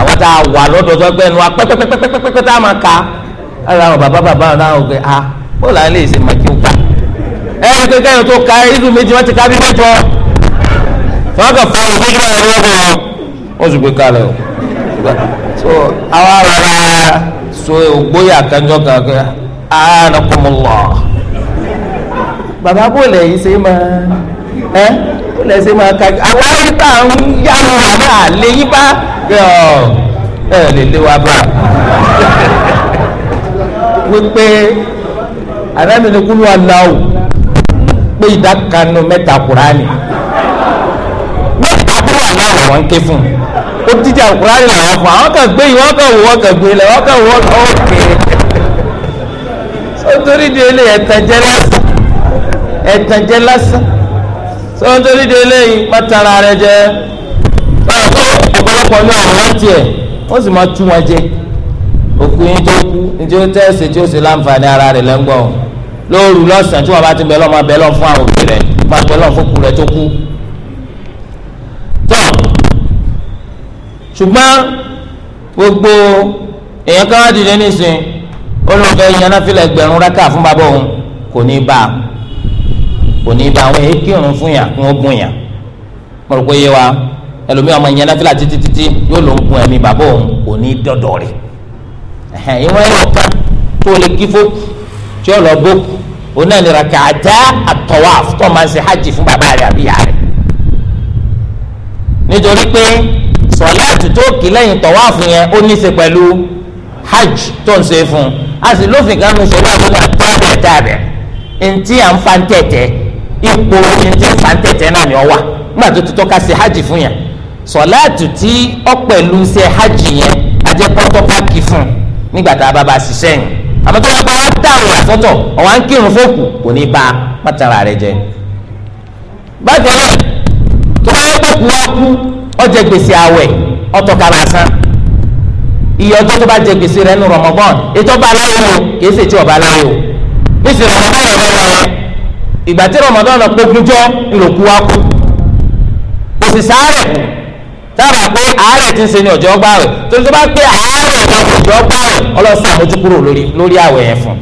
àwọn tá a wà lọ́dọọdọ pé ẹnu wa pẹ́pẹ́pẹ́pẹ́pẹ́ tá a máa ka ẹ̀rọ àwọn bàbá bàbá náà wọ́n pe a ah, bóòlù àwọn ilé ìsìn máa kí ó gbà ẹ̀rọ kékeré yẹn tó ka irú méjì wọ́n ti ká bí mẹ́jọ fọ́nkà fọ́ọ̀rù méjì wọ́n yẹn lọ́wọ́ wọn sì gbé kalẹ̀ o so àwa rárá so ògbóyà kanjọ́ kankan ànàkùnmùlọ̀ bàbá bóòlù ẹ̀yìn ṣe máa ẹ́ ó lè ṣe máa kájú àwa yìí tá à ń yá wa náà lè yí bá ẹ lè lé wa bá wípé àdánilẹ́kùnú aláwọ̀ pé ìdákanu mẹ́ta kùránì mẹ́ta kúrò aláwọ̀ wọn ké fún ó dídá kùránì làwọn fún àwọn kan gbé yìí wọ́n kan wò wọ́n kan gbé lẹ̀ wọ́n kan wò wọ́n kan ó ké sótórí di eléyìí ẹ̀tàn jẹ́ lásán ẹ̀tàn jẹ́ lásán sọ nítorí de eléyìí má tara rẹ jẹ ọ̀pọ̀lọpọ̀ ní àwòrán tiẹ̀ wọ́n sì máa tú wọn jẹ òkú yín tó kú njẹ́ ó tẹ̀sí tí ó sì láǹfààní ara rẹ̀ lẹ́ngbọ̀n lóru lọ́sàn-án tí wọ́n bá ti bẹ̀ lọ́mọ bẹ̀ lọ́n fún àwọn òbí rẹ̀ máa bẹ̀ lọ́n fún kú rẹ̀ tó kú. ṣùgbọ́n gbogbo èèyàn kan dìde nísìn olùfẹ́ yẹn náà fi lẹ́gbẹ̀rún rákà fún bàbá òun kò ní bá a kò ní bá àwọn èké ọ̀run fún yàn kí wọ́n gùn mo rò pé yé wa ẹlòmíì ọmọ ìyẹn náfìlà títí títí yóò ló ń gun ẹ̀mí bàbá òun kò ní dọ́dọ̀ rẹ̀ ẹ̀hẹ́n ìwọ̀n ẹ̀yọ̀ kan tó lè kí fókù tí ó lọ bókù òun náà lè ra kàdá àtọ̀wá tó máa ń ṣe hajj fún bàbá rẹ̀ àbí ìyá rẹ̀ nítorí pé sọ̀láàtì tó kì lẹ́yìn tọ̀wá fún yẹn ó ní í ṣe pẹ̀lú hajj tó ń ṣe fún un a sì lófin kan ní ṣẹlẹ̀ àbúrò àtàbẹ̀ àtàbẹ̀ ntí à ń fa ń tẹ̀tẹ̀ ipò yẹn tí fàǹtẹ̀tẹ̀ náà ni ọ wà nígbà tó ti tọ́ka ṣe hajj fún yẹn sọláàtù tí ọ pẹ̀lú ṣe hajj yẹn ajẹ́ pọ́tọ́ káàkiri fún un nígbà tá a bá ba ṣiṣẹ́ yìí àmọ́ tó bá bá wá dáhùn àtọ́tọ̀ ọ̀wá ń kírun fóòkù kò ní bá a pátara rẹ jẹ. bákan náà tó bá yẹ kó wá kú ọjẹ gbèsè àwẹ̀ ọtọ̀ka lásán iye ọjọ́ tó bá jẹ gbèsè rẹ ní Ramadan ètò ọba aláwọ̀ o kìí ṣètì ọba aláwọ̀ ìgbà tí rọmọdọ́nà kókunjọ́ ńlòkú wa kú kò sì sáré sábà pé àárẹ̀ ti ń ṣe ní ọjọ́ gbà rẹ̀ torí tó bá pé àárẹ̀ ní ọjọ́ gbà rẹ̀ ọlọ́sùn àmójú kúrò lórí àwẹ̀ yẹn fún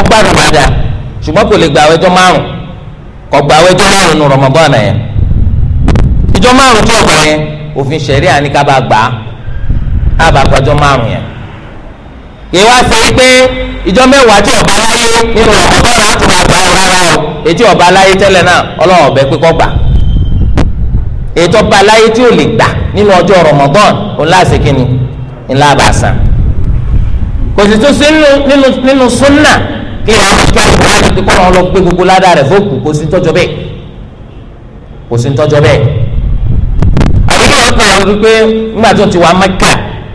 ọgbà rọmọdà ṣùgbọ́n kò lè gba àwẹ̀ ọjọ́ márùn kò gba àwẹ̀ ọjọ́ márùn nù rọmọdọ́nà yẹn ìjọ márùn tí ọgbà yẹn òfin ṣẹ̀rí àníkàbà gbà á bá gbàjọ́ márùn yẹn iwa í wá ṣe pé ìjọ mẹ́wàá tí ọba láyé nínú ọgọ́rùn-ún àti ọba rárá o ètí ọba láyé tẹ́lẹ̀ náà ọlọ́run ọbẹ̀ pé gbà ètò ọba láyé tí ò lè gbà nínú ọjọ́ Ramadan òun kínní ńlá bá kò sì tún sí nínú súnà kí kọ́ gbogbo ládàá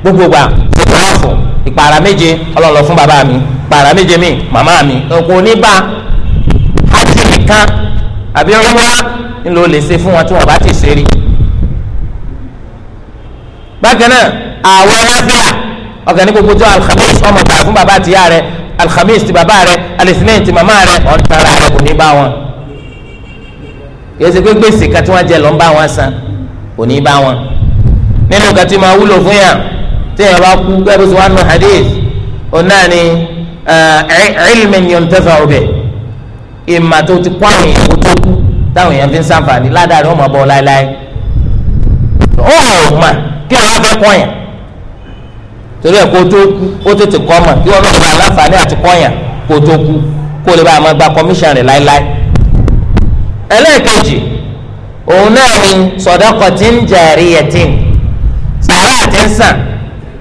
rẹ̀ ìpààrà méje ọlọ́run lọ fún bàbá mi ìpààrà méje mi màmá mi kò ní bá hajj nìkan àbí umrah ńlọ lè ṣe fún wọn tí wọn bá ti ṣe rí. bákan náà àwọn aláfíà ọkàn ní gbogbo tó alhamis ọmọ gbà fún bàbá àtìyá rẹ alhamis ti bàbá rẹ alisinayi ti màmá rẹ ọ̀n tara rẹ kò ní bá wọn. yẹ́sẹ̀ pé gbèsè kan tí wọ́n jẹ lọ́n bá wọn san kò ní bá wọn. nínú kan tí máa wúlò fún yàn. téèyàn bá kú gẹ́gẹ́ bí wọ́n á nù hadith òun náà ni eh, ilmi yuntafa bẹ̀ ìmà tó ti kọ́ àwọn kó tó kú táwọn èèyàn fi ń sàǹfààní ládàá rẹ̀ wọ́n máa bọ̀ láéláé ó hàn kí wọ́n á fẹ́ kọ́ yẹn torí ẹ̀ kó tó kú ó tètè kọ́ mà kí wọ́n bá aláǹfààní àti kọ́ yẹn kó tó kú kó lè bá àwọn gba commission rẹ̀ láéláé ẹlẹ́ẹ̀kejì òun náà ni sàrà àti ń sàn.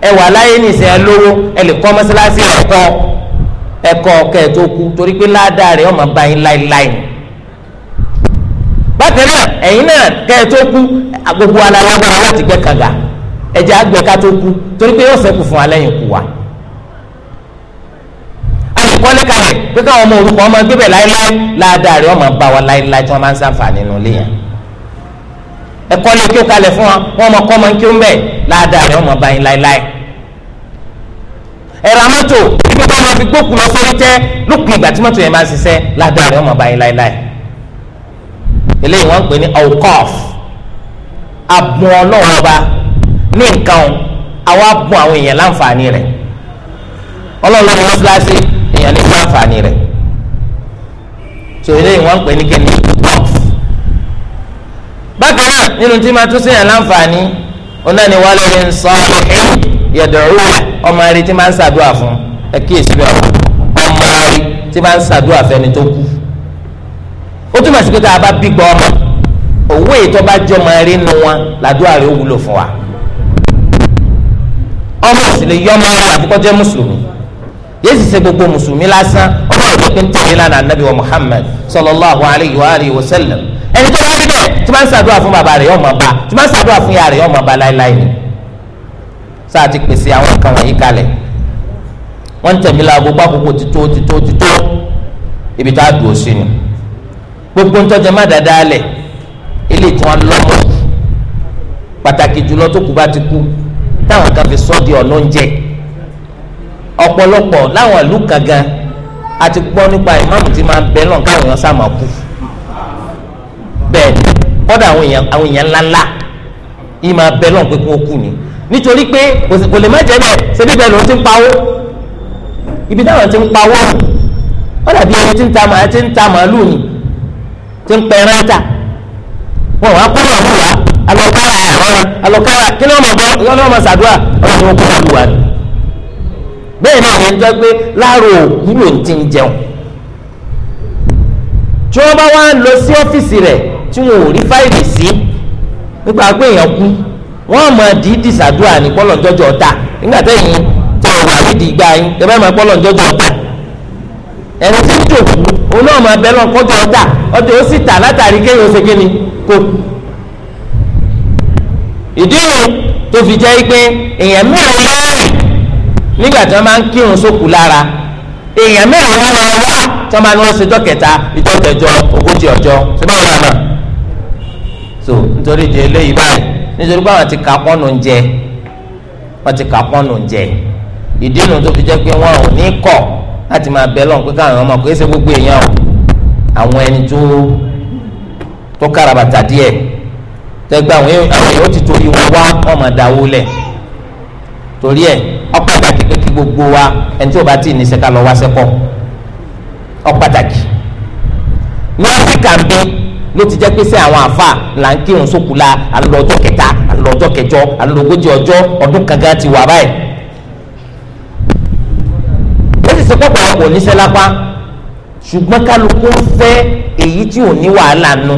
ẹ wà láyé nìsín ẹ lówó ẹ lè kọ́ mọ́sálásí ẹ̀kọ́ ẹ̀kọ́ kú torí pé ládàá rẹ̀ ọmọ bá yín bákan náà ẹ̀yin náà tó kú gbogbo alálágbára láti gbẹ́ kàga ẹ̀jẹ̀ tó torí pé yóò fún wa. pé káwọn ọmọ ọmọ gbébẹ̀ ládàá rẹ̀ ọmọ tí wọ́n máa ẹ̀kọ́ lè kí ó kalẹ̀ fún wa wọ́n mọ kọ́ máa ń kí ó ń bẹ̀ ládàá rẹ̀ wọ́n mọ báyìí láéláé. ẹ̀rọ amọ́tò ibi tó máa fi gbókù lọ sórí tẹ́ lópin ìgbà tí mọ́tò yẹn máa ń ṣiṣẹ́ ládàá rẹ̀ wọ́n mọ báyìí láéláé. eléyìí wọ́n ń pè ní awqaf abùn ọlọ́run ọba ní nǹkan àwọn abùn àwọn èèyàn láǹfààní rẹ̀ ọlọ́run ní mọ́sálásí èèyàn ní láǹfààní rẹ̀ so eléyìí wọ́n ń pè ní kíni bákan náà nínú tí ma tún sèyàn láǹfààní ọ̀nà ni wàá lórí nsọ́ọ̀lù yẹ̀dọ̀rú ọmọ rẹ tí ma ń sàdúrà fún ẹ kíyèsí bí ọmọ ọmọ rẹ tí ma ń sàdúrà fẹ́ni tó kú ó túmọ̀ sí pé tá a bá bí gbọ́ ọmọ òwú èyí tó bá jọ ọmọ rẹ nù wọn làdúrà rẹ ó wúlò fún wa ọmọ sì lè yọ ọmọ rẹ àfikọ́ jẹ́ mùsùlùmí yéé sì ṣe gbogbo mùsùlùmí lásán ọmọ rẹ tó ń tẹ̀lé lánàá nàbí wa Muhammad sallallahu alayhi wa alihi wa sallam ẹni tó bá rí tí máa ń ṣàdúrà fún bàbá rẹ̀ yóò máa bá tí máa ń ṣàdúrà fún ìyá rẹ̀ yóò máa bá láéláé ni sáà ti pèsè àwọn nǹkan wọ̀nyí kalẹ̀ wọ́n ń tẹ̀mí la gbogbo àkókò ti tó ti tó ti tó ibi tá a dùn ó sí ni gbogbo ntọ́jà má dáadáa lẹ̀ eléyìí tí wọ́n lọ́mọ pàtàkì jùlọ tó kù bá ti kú táwọn kan fi sọ́ di ọ̀nà oúnjẹ ọ̀pọ̀lọpọ̀ láwọn ìlú kan gan gbọ́ nípa ìmáàmù tí máa ń bẹ lọ́n káwọn èèyàn sá máa kú bẹ́ẹ̀ ni kọ́dà àwọn èèyàn àwọn èèyàn ńláńlá yìí máa bẹ lọ́n pé kó kú ni nítorí pé kò lè má jẹ́ bẹ́ẹ̀ ṣé bíbẹ̀ ló ti ń pawó ibi táwọn ti ń pawó wọ́n dàbí ẹni tí ń ta màá ti ń ta màálù ni ti ń pẹ̀rẹ́ ta wọn wá kọ́ màálù wa alọ́kára ẹ̀rọ alọ́kára kí ni wọ́n máa bọ́ yọ́n ni wọ́n máa ṣàdúrà wọ́n ti wọ́n kọ́ màálù wa bẹ́ẹ̀ náà yẹn ń pé láàrò òwúrò ti ń jẹun tí wọ́n bá wá lọ sí ọ́fíìsì rẹ̀ tí wọn ò rí fáìlì sí nípa pé èèyàn kú wọn mọ dídì sàdúrà ní kọlọńjọjọ ọta nígbà tẹ̀yìn tẹ ọwọ́ àbídì ìgbà yín tẹbẹ mọ kọlọńjọjọ ọta ẹni tí ń jòkú òun náà máa bẹ lọ kọjọ ọta ọtí ó sì tà látàrí kéèyàn ṣe kí ni kò ìdí òun tó fi jẹ́ pé èèyàn mẹ́rin láàrin nígbà tí wọ́n máa ń kírun sókù lára èèyàn mẹ́rin láàrin wá tí wọ́n máa ń wọ́n ṣe jọ́ kẹta ìjọ́ kẹjọ ogójì ọjọ́ ṣé báwo máa náà. so nítorí di eléyìí báyìí nítorí pé ti kà pọ́nù jẹ wọ́n ti kà pọ́nù jẹ ìdí nu tó fi jẹ́ pé wọ́n ò ní láti máa ọmọ kò ṣe gbogbo èèyàn o àwọn ẹni tó tó kárabàtà díẹ̀ tẹgbẹ́ àwọn èèyàn ti torí wọn wá wọn máa lẹ̀ torí pé kí gbogbo wa ẹni tí o bá ní sẹ́ka ló ti jẹ́ pé sẹ́ àwọn àfa là ń kírun sókù la à ń lọ ọjọ́ kẹta à ń lọ ọjọ́ kẹjọ à ń lọ ogójì ọjọ́ ọdún kankan ti wà báyìí. ó sì ṣe pọ̀pọ̀ ọ̀pọ̀ oníṣẹ́ lápá ṣùgbọ́n kálukú ń fẹ́ èyí tí ò ní wàhálà nu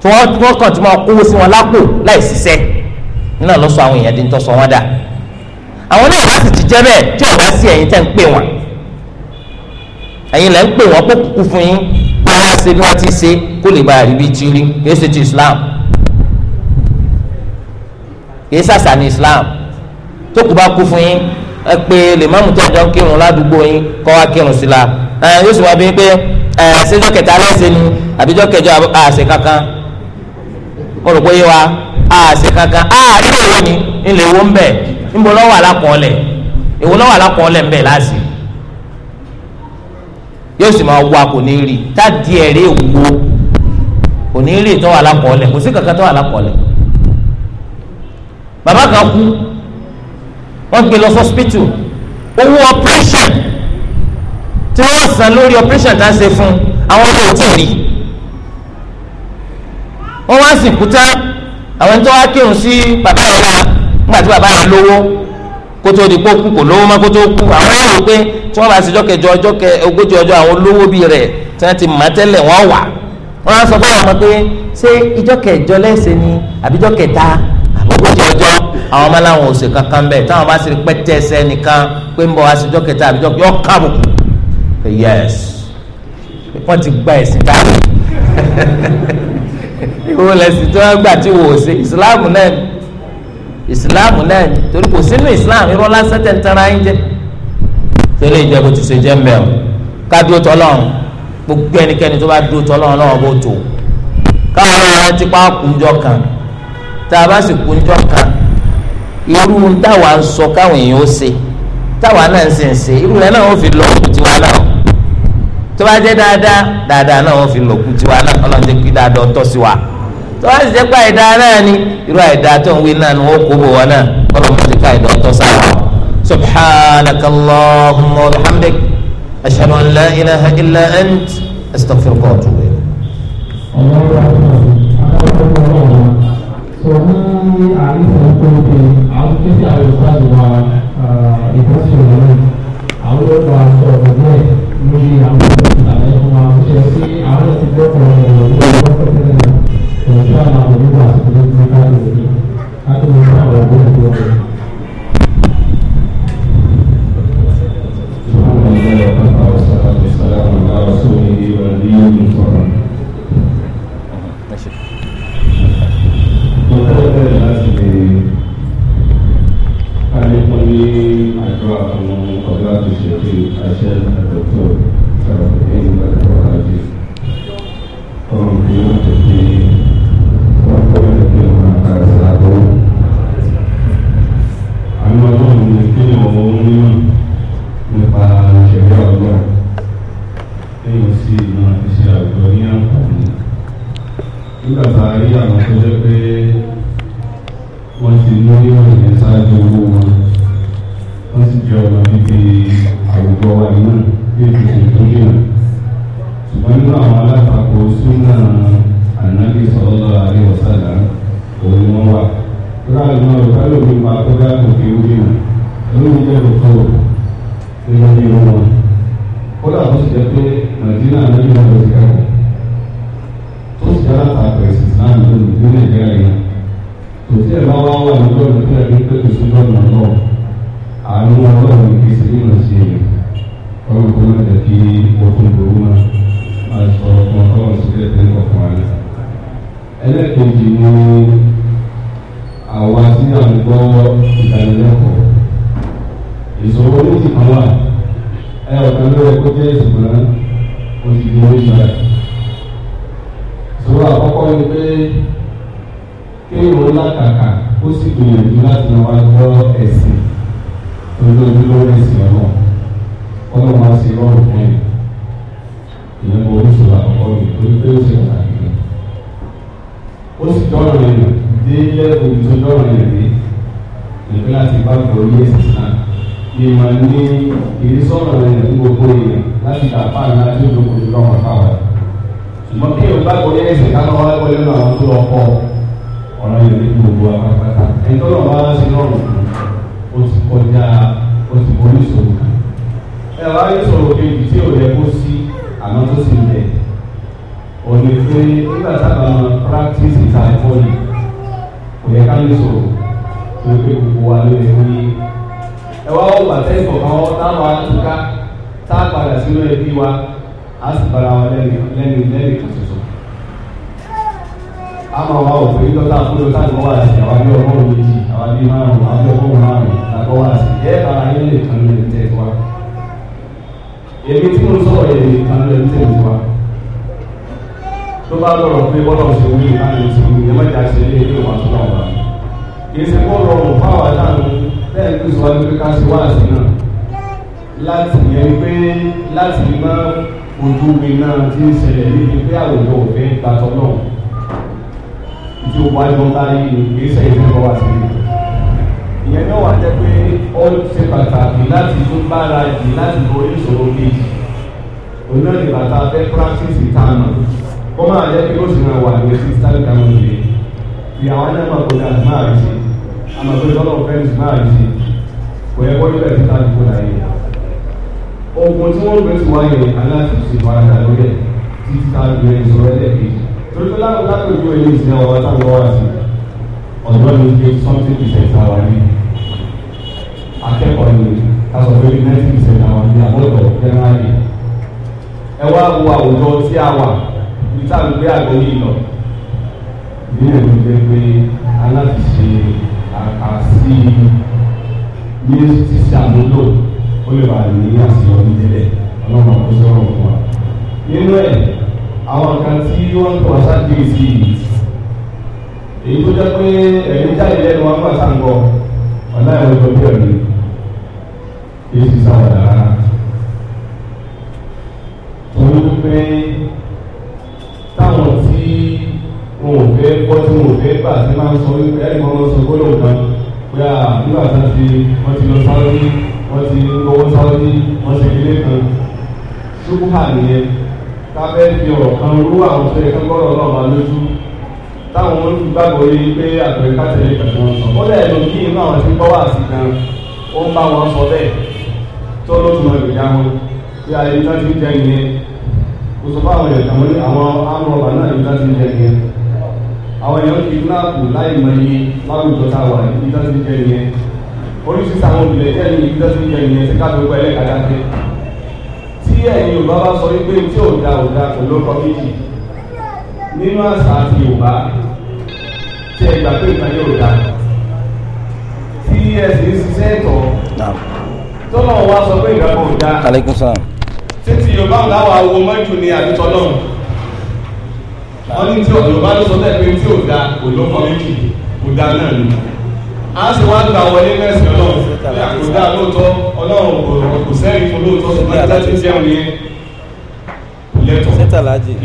tí wọ́n kàn tí wọ́n kówó sí wọn lápò láì ṣiṣẹ́ náà lọ sọ àwọn èèyàn di ń tọ́ sọ dà àwọn náà bá sì ti jẹ́ bẹ́ẹ̀ tí ọ̀gá sí ẹ̀yin tẹ́ ń pè wọ́n ẹ̀yin lẹ́ ń pè wọ́n pé kúkú fún yín máa ṣe bí wọ́n ti ṣe kó lè bá àríbí tí rí kìí ṣe ti islam kìí ṣàṣà ní islam tó kù bá kú fún yín ẹ pé lè má mú tẹ́jọ́ kírun ládùúgbò yín kọ́ wá kírun sí la yóò sì wá bí pé ṣéjọ́ kẹta lẹ́sẹ̀ ni àbíjọ́ kẹjọ àṣẹ kankan mo rò pé yé wa àṣẹ kankan àárín òwe ni ńlẹ̀ wo ń bẹ̀ ńbọ̀ lọ́wọ́ alákọ̀ọ́lẹ̀ èwo lọ́wọ́ alákọ̀ọ́lẹ̀ ń bẹ̀ láàṣì yóò sì máa wá kò ní rí tá díẹ̀ rí wo kò ní rí tó wà lákọọ́lẹ̀ kò sí kankan tó wà lákọọ́lẹ̀ bàbá kan kú wọ́n gbé lọ sọ́spítù owó ọpẹ́rẹ́ṣẹ̀ tí wọ́n san lórí ọpẹ́rẹ́ṣẹ̀ tá a ṣe fún àwọn ọmọ òtí rí wọ́n wá sìnkú tán àwọn ẹni tó wá kírun sí bàbá yẹn wá nígbà tí bàbá yẹn lówó kótó di kó kú kò lówó má kótó kú àwọn yóò wò pé tí wọn bá ṣe jọkẹjọ jọkẹ ogójì ọjọ́ àwọn olówó bíi rẹ tí wọn ti mọ tẹ́lẹ̀ wọn wà wọn á sọ fún àwọn ọmọ pé ṣé ìjọkẹjọ lẹsẹ ni àbíjọkẹta àbógójì ọjọ́ àwọn ọmọ làwọn ò ṣe kankan bẹ́ẹ̀ táwọn bá ṣe pẹtẹ ẹsẹ nìkan pé ń bọ̀ wá ṣe jọkẹta àbíjọkẹ yọ káàbùkù yes wọn ti gba ẹ̀sìn dáhùn ìwọ lẹsìn tí wọn gbà tí wò ó ṣe islam náà ni torí kò sínú islam irọ́ lásán tẹ̀ ń tara yín jẹ́ tẹ́lẹ̀ ìjẹ́ bó ti ṣe jẹ́ mbẹ́ o ká dúró tọ́lọ́run gbogbo ẹnikẹ́ni tó bá dúró tọ́lọ́run náà bó tó káwọn ọ̀rọ̀ ti pa kúnjọ kan tá a bá sì kúnjọ kan irú táwa ń sọ káwọn èèyàn ó ṣe táwa náà ń sìn ṣe irú rẹ̀ náà ó fi lọ òkú tiwa náà tó bá jẹ́ dáadáa dáadáa náà ó fi lọ òkú tiwa náà ọlọ́run ti kí dáadáa ọtọ́ sí wa tó bá sì jẹ́ pé àìdá náà ni irú àìdá tó ń wí náà ni wọ́n kó bò wọ́n náà kọ́ ló ń fi ká àìdá ọ̀tọ̀ sára subhanaka allahumma wa bihamdik ashhadu an la ilaha illa ant astaghfiruka wa atubu ilayk. àwọn ọ̀dọ́ àti ọ̀dọ́ bẹ́ẹ̀ lórí àwọn ọ̀dọ́ ìgbàlẹ́ fún wa ṣe sí àwọn ọ̀dọ́ ti gbọ́ pọ̀ ọ̀dọ́ nígbà tó ti ní káàkiri ní káàkiri ní àwọn ọgbọ́n tó wà. Àlékún ní àjọ àwọn ọ̀gá àti ìṣètò àṣẹ àjọ. onímọ̀ nípa ìṣẹ̀lẹ̀ ọgbọ́n lẹ́yìn sí ìmọ̀ iṣẹ́ àgbọ̀ ní àǹfààní. nígbà tá a rí àwọn tó jẹ́ pé wọ́n ti mú ìwọ̀n yẹn ṣáájú owó wọn wọ́n sì jẹ́ ọmọ bíbí àwùjọ wa náà bí ètùtù tó yàn. ṣùgbọ́n nínú àwọn alátakò súnà ànábì sallallahu alaihi ìlú mi jẹ́ òkú gẹ́gẹ́ bí wọn wọn kódà tó sì jẹ́ pé nàìjíríà náà yóò lọ sí ẹ̀kọ́ tó sì jẹ́ látàkọ̀ ẹ̀sìn náà ló ní ní nàìjíríà yẹn kò sí ẹ̀ máa wá wà nígbà tó fẹ́ rí pé kò sójú ọ̀nà náà àánú ọlọ́run kì í ṣe nínú sí i ọlọ́run kò má jẹ́ kí okun gbòòrò náà máa sọ ọkàn ọlọ́run sílẹ̀ nínú ọkàn rẹ̀ ẹlẹ́ẹ̀kejì ni àwa tí à ìdánilẹ́kọ̀ọ́ ìṣòro méjì kan wà ẹ ọ̀kan ló yẹ jẹ́ ìṣùgbọ́n òṣìṣẹ́ oríṣi rẹ̀ ìṣòro àkọ́kọ́ ni pé kéwòn lákàkà ó sì gbìyànjú láti lọ gbọ́ ẹ̀sìn lórí ẹ̀sìn ọ̀nà ọlọ́run á ṣe rọrùn fún ẹ̀ ìyẹn mo ìṣòro àkọ́kọ́ mi torí pé ó ṣe pàtàkì ó sì dọ́rùn ẹ̀ dé lẹ́kùn tó ẹ̀ rí ìpínlẹ̀ àti ìbámu orí ẹ̀sìn náà ìmọ̀ ní ìrísọ̀rọ̀ rẹ̀ ní gbogbo èèyàn láti dàpá ní láti ìdókòwò ní ọmọ káwá ṣùgbọ́n kí yorùbá kò ní ẹsẹ̀ ká lọ́wọ́ lẹ́kọ̀ọ́ lẹ́nu àwọn tó ọkọ̀ ọ̀rọ̀ yẹn ní gbogbo apáta ẹni tó lọ́wọ́ wá sí lọ́rùn ó ti kọjá ó ti borí ìṣòro kan ẹ wá rí ìṣòro kejì tí ò yẹ kó sí àmọ́ tó sì lẹ̀ òní pé nígbà tábà máa practice ìtàkùn yìí kò yẹ ká ní ìṣòro tó yẹ pé gbogbo wa ló lè ní ẹ wá wò àtẹ́yìn kọ̀ọ̀kan wọn táwọn àtúnká tá a padà sínú ẹbí wa á sì bára wọn lẹ́nu lẹ́nu lẹ́nu kan ṣoṣo. a máa wá òfin dọ́tà fúnlọ táàbí wọ́n wà sí àwọn abẹ́ ọmọ òun méjì àwọn abẹ́ márùn-ún àwọn abẹ́ ọmọ márùn-ún làbọ̀ wà sí ẹ bára yín lè kan lè tẹ̀ wá. èmi tí mo sọ̀rọ̀ yẹn lè kan lè tẹ̀ wá. tó bá lọ́rọ̀ pé bọ́lá òṣèlú ṣe òun yẹn má jà ṣe é ìwà tó wà wá. kì í ṣe kó rọrùn tẹ́lẹ̀ tó sọ wájú pé ká ṣe wáàsí náà láti yẹn pé láti má ojú mi náà ti ń ṣẹlẹ̀ níbi pé àwòrán òfin gbàtọ́ náà tí o wájú ọ̀tá yìí ni kì í ṣe ìṣẹ́ ìṣẹ́ wá sí i. ìyẹn náà wà jẹ́ pé ó ṣe pàtàkì láti tún bára jì láti borí ìṣòro kejì oná ní bàtà fẹ́ practice ìtànà kó máa jẹ́ pé ó sì máa wà ní sísítàlì kàmú ìlẹ̀ ìyàwó náà máa kó dáa máa rí sí àmọ́ pé bọ́lá ọ̀fẹ́ ti máa ṣe kò yẹ kọ́jú ẹ̀ títà dúró láyé. oògùn tí wọ́n gbé ti wáyé aláàtì ti farada lórí ẹ̀ títí tá a lè sọ ẹ́ lẹ́ẹ̀kejì. torí pé láwọn lápẹ̀ ojú ẹ̀yìn ìsìn àwọn atáwọn wá sí ọ̀dọ́ ni pé something percent àwa ní akẹ́kọ̀ọ́ ni kásọ̀ pé ninety percent àwa ní àbọ̀dọ̀ generally. ẹ wá wo àwùjọ tí a wà ní táwọn gbé àgbọ̀ yìí lọ. ìdílé mi jẹ́ pé aláàtì ṣe àkàsí ní sísè àmúlò ó lè bàa ní àṣeyọrí délẹ̀ ọlọ́run àkóso sọ̀rọ̀ fún wa. nínú ẹ̀ àwọn kan tí wọ́n ń tọ́ sáájú sí i èyí tó jẹ́ pé ẹ̀yìn jáde lẹ́nu wọn gbà sáńgọ ọ̀nà ẹ̀rọ ìtọ́jú ẹ̀mí èyí sì sáwọ́ dára torí pé. wọn ò fẹ́ gbọ́ tí wọn ò fẹ́ gbà tí máa ń sọ wípé ẹ̀rí wọn lọ sọ gbọ́dọ̀ kan pé à nígbà tá a ti wọ́n ti lọ sáwọ́dí wọ́n ti gbọ́wọ́ sáwọ́dí wọ́n ti ilé kan ṣùgbọ́n nìyẹn tábẹ́ fi ọ̀rọ̀ kan rú àwọn tó yẹ gbọ́dọ̀ náà lójú táwọn olùgbàgbọ́ yìí pé àgbẹ̀ kátẹ́lẹ̀ kan sọ ó dẹ̀ lò kí inú àwọn tí gbọ́wọ́ àti kan ó ń bá wọn sọ bẹ́ẹ̀ tó ló àwọn èèyàn kì í náàbù láì mọ iye láwùjọ tá a wà ní ìdá tó ń jẹ nìyẹn oríṣiríṣi àwọn òbílẹ̀ jẹ́ ní ìdá tó ń jẹ nìyẹn sí káàdùn pẹ́ lẹ́kàdá pé tí ẹ̀yin Yorùbá bá sọ wípé tí ò da ò da kò ló kọ méjì nínú àṣà àti Yorùbá tí ẹ gbà pé nǹkan yóò da tí ẹ sì ń ṣiṣẹ́ ẹ̀tọ́ tọ́lọ́ wa sọ pé ìgbàgbọ́ ò da títí Yorùbá làwọn awo mọ́jú ni àbí tọ́lọ́run wọ́n tí ọ̀dọ̀ bá ló sọ bẹ́ẹ̀ pé tí ò da òlómọ méjì kò da náà ni a sì wá gbà wọlé mẹ́sì ọlọ́run pé àkódá lóòótọ́ ọlọ́run kò sẹ́yìn fún lóòótọ́ ṣùgbọ́n ìjà ti jẹun yẹn lẹ́tọ̀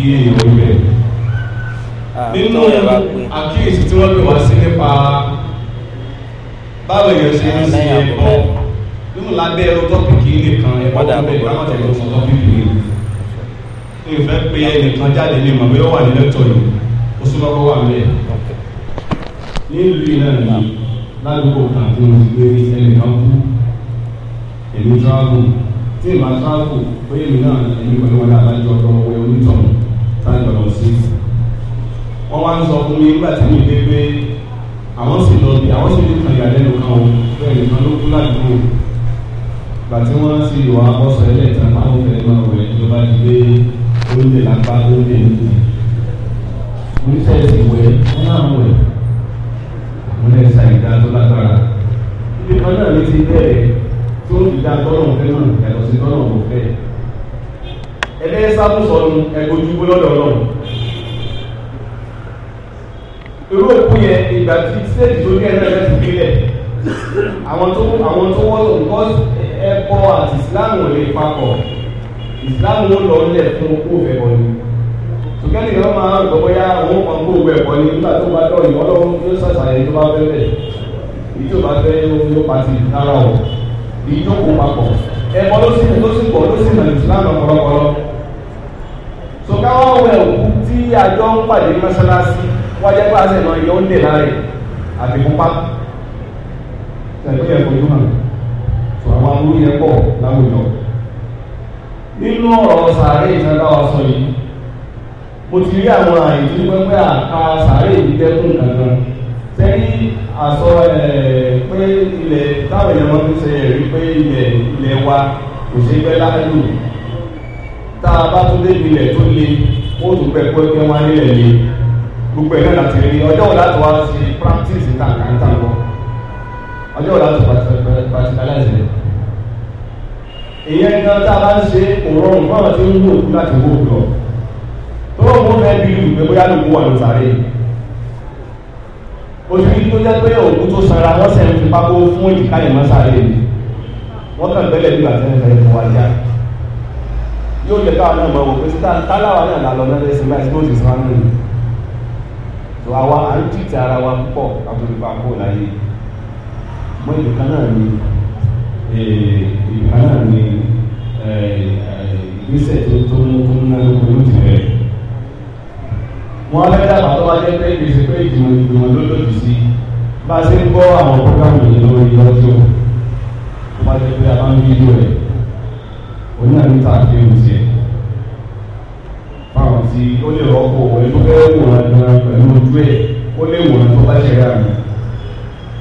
iye ìwé rẹ̀ nínú àkíyèsí tí wọ́n pè wá sí nípa báwo èèyàn ṣe ń sin ẹ̀kọ́ nínú lábẹ́ ẹ̀rọ tọ́pìkì nìkan ẹ̀kọ́ tó bẹ̀rẹ̀ láwọn tẹ̀lé ọ̀sán tọ́pìkì nìkan ìfẹ́ pé ẹnìkan jáde ní ìmọ̀ bóyá wà ní lẹ́tọ̀ yìí ó súnmọ́ kó wà nílẹ̀ nílùú iná nìyí ládùúgbò kan tí mo ti gbé ẹnìkan kú èmi tíráàbù tí ìmọ̀ tíráàbù bóyá èmi náà èmi pẹ̀lú wọn láti àjọ ọ̀dọ̀ ọ̀wẹ́ onítọ̀hún tájọ lọ sí wọ́n wá ń sọ fún mi nígbà tí mi dé pé àwọn sì lọ bí àwọn sì ní kan ìyàlẹ́nu kan o bẹ́ẹ̀ nìkan ló kú ládùúgbò gbà tí wọ́n sì wá bọ́sọ̀ ẹlẹ́ẹ̀ta lóde lápá lóde nìyí oníṣẹ́ẹ̀sì wẹ̀ wọ́n náà wẹ̀ àmúlẹ̀ ṣàyíká tó lágbára ibi kan náà ní ti bẹ́ẹ̀ tó ń dìda tọ́lọ̀ fẹ́ mọ̀ yàtọ̀ sí tọ́lọ̀ kò fẹ́ ẹlẹ́yẹ sábùsọ̀nù ẹgbójúgbó lọ́dọ̀ ọlọ́run irú òkú yẹn ìgbà tí stéèjì tó ní ẹ̀rọ ti gbélẹ̀ àwọn tó wọ́n tó ń kọ́ ẹ̀kọ́ àti islam ló lọ lẹ̀ fún òfẹ́ bọ̀ ni tùkẹ́lì kan máa ń gbọ́ bóyá òun kan kó òwe ẹ̀kọ́ ni nígbà tó bá dọ̀ yìí ọlọ́run yóò ṣàṣàyẹ tó bá fẹ́ bẹ̀ èyí tó bá fẹ́ yóò pàṣẹ ìtara ọ̀ èyí tó kó papọ̀ ẹ̀kọ́ ló sì ló sì pọ̀ ló sì nà islam ọ̀pọ̀lọpọ̀lọ so káwọn wẹ òkú tí àjọ ń pàdé mọ́ṣáláṣí wájú ẹgbẹ́ àṣẹ náà yọ ń dè láre àti pupa tẹ̀lé ẹ̀kọ́ yóò hàn nínú ọ̀rọ̀ sàárè ìtàdá ọ̀sọ̀ yìí mo ti rí àwọn àyè tó ní pẹ́pẹ́ àka sàárè ìdẹ́kùn kankan sẹ́yìn àsọ pé ilẹ̀ táwọn èèyàn ṣe rí pé ilẹ̀ ilẹ̀ wa kò ṣe pẹ́ láàlú a le ó tún pẹ́ le gbogbo ọjọ́ sí practice lọ ọjọ́ ìyẹn gan tá a bá ń ṣe òrò nǹkan àti ń lò kú láti wó lọ tó o mú fẹ́ bí ìlú pé bóyá ló kú wà ló sáré ojú yìí tó jẹ́ pé òkú tó sanra wọ́n sẹ̀ ń fi pákó fún ìdíkà yìí máa sáré ni wọ́n kàn gbẹ́lẹ̀ nígbà tí wọ́n fẹ́ fọwọ́ ajá yóò jẹ́ káwọn náà mọ̀ wò pé síta táláwa náà là lọ lọ́dẹ sí láì tó ti sọ wọn lónìí tó àwa à ń tìtì ara wa púpọ̀ àtòlùpàpọ̀ láyé mọ́ ìlú kan náà ni. Eh, ìbáná ni eh, eh, ìgbésẹ̀ tó tó mú tó mú náà lóko ló ti bẹ̀rẹ̀. wọ́n á fẹ́ dàgbà tó wá jẹ́ pé gbèsè pé ìgbìmọ̀ ìgbìmọ̀ ló lòdì sí bá a ṣe ń gbọ́ àwọn programu yìí lórí lọ́jọ́ tó bá jẹ́ pé a máa ń fídíò rẹ̀ oníyàmítà fi ń tiẹ̀ fáwọn tí ó lè rọ́pò ẹnu fẹ́ wòran gan pẹ̀lú ojú ẹ̀ ó lè wòran tó bá ṣẹ̀dá mi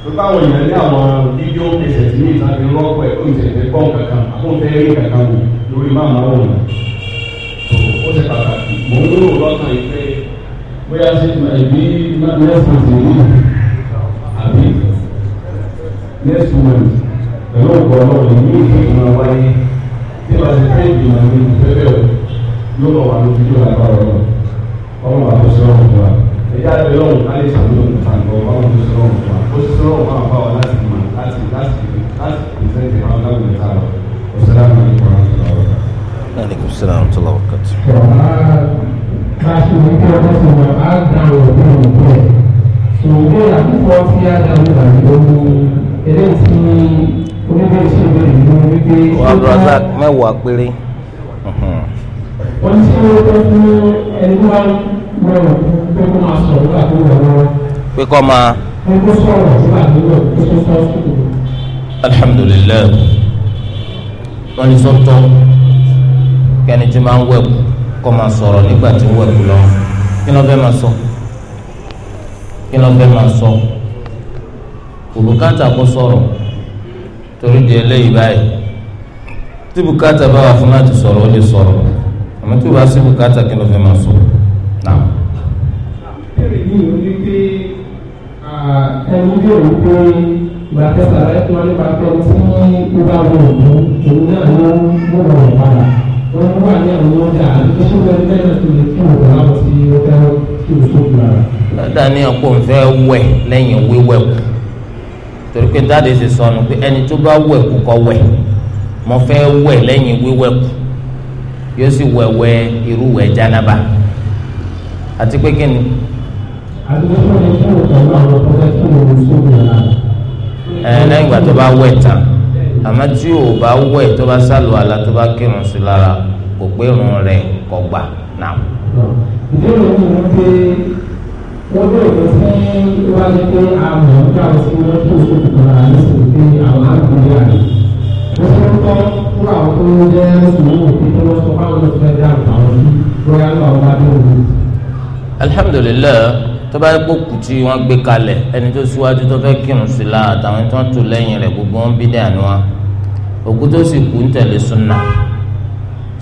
tó báwọn èèyàn ní àwọn fídíò ẹsẹ̀ tí ní ìtàn fi rọ́pọ̀ ẹ̀ kó ìtẹ̀lẹ́ gbọ́n kankan àkóhùn fẹ́ rí kankan wò lórí máàmù ọ̀hún ó ṣe pàtàkì mò ń rò lọ́kàn yìí pé bóyá ṣe ìbí mẹ́sàn-án sí ní àbí next month pẹ̀lú ọ̀pọ̀ ọlọ́run ní ìgbìmọ̀ wáyé tí wàá ṣe fẹ́ ìgbìmọ̀ ní ìfẹ́fẹ́ yóò lọ wà lójú ìjọba àgbà ọ̀rọ̀ ọ̀rọ̀ àtúnṣe ọ̀hún wa ẹ̀yà àti ọlọ́run ká lè sàmì ọ̀hún tàǹgọ̀ báwọn tó sọ̀rọ̀ ọ̀hún wa ó sì sọ̀rọ̀ ọ̀hún àwọn báwọn láti mọ̀ láti láti láti pèsèǹtì àwọn láwùjọ ta lọ ọ̀sálàmù àlùkò àwọn tó lọ. aleykum salaam tó lọ́wọ́ kàtó. káṣí wípé ọkọ̀ tó wà á dá òògùn mẹ́wàá péré. wọ́n ti wọ́n tó fún ẹni wá wẹ̀wọ̀ pé kọ́ máa. alhamdulilayi wọ́n ní sọ́tọ́ kẹ́ni tí máa ń wẹ̀ kọ́ máa sọ̀rọ̀ nígbà tí ń wẹ̀ kú lọ kí ló fẹ́ máa sọ kí ló fẹ́ máa sọ olùkátà kó sọ̀rọ̀ torí di eléyìí báyìí tí bùkátà bá wà fún láti sọ̀rọ̀ ó lè sọ̀rọ̀ àmọ́ tí o bá sí bùkátà kí ló fẹ́ máa sọ náà bèrè ní ìlú wípé ẹni bí òun pé ìgbà kẹta rẹ fún wọn nípa pé tí ó bá wọ òun òun náà ló mú wọn padà wọn wà ní àwọn ọjà àti tó bẹ ní bẹ́ẹ̀ tó lè fún òun láwọn tí ó fẹ́ kí o tó gbà. lọ́dà ní ọ̀pọ̀ ń fẹ́ wẹ̀ lẹ́yìn kù torí pé dáadé ṣe sọnù pé ẹni tó bá wẹ̀ kù kọ́ wẹ̀ mo fẹ́ wẹ̀ lẹ́yìn wíwẹ̀ kù yóò sì wẹ̀wẹ̀ irú wẹ̀ jánába àti pé kí ni ẹ lẹ́yìn ìgbà tó bá wẹ̀ tán àmọ́ tí ò bá wẹ̀ tó bá sálù àlá tó bá kírun sí lára kò pé irun rẹ̀ kò gbà náà. ìbéèrè mi ni pé wọ́n lè lọ sí iwájú pé àwọn ọ̀gá òsì wọn tó sókè kan náà ní sèé àwọn àgbèrè àná. wọ́n tó ń tọ́ fún àwọn tó ń jẹ́ sùúrù kí wọ́n sọ fáwọn olùfẹ́ dáhùn àwọn bí lọ́yà náà wá dé òun tó bá yẹ kó kù tí wọn gbé kalẹ̀ ẹni tó síwájú tó fẹ́ kírun sí la àtàwọn tó ń tò lẹ́yìn rẹ̀ gbogbo wọn bí dáa ni wọn òkú tó sì kú ń tẹ̀lé súnà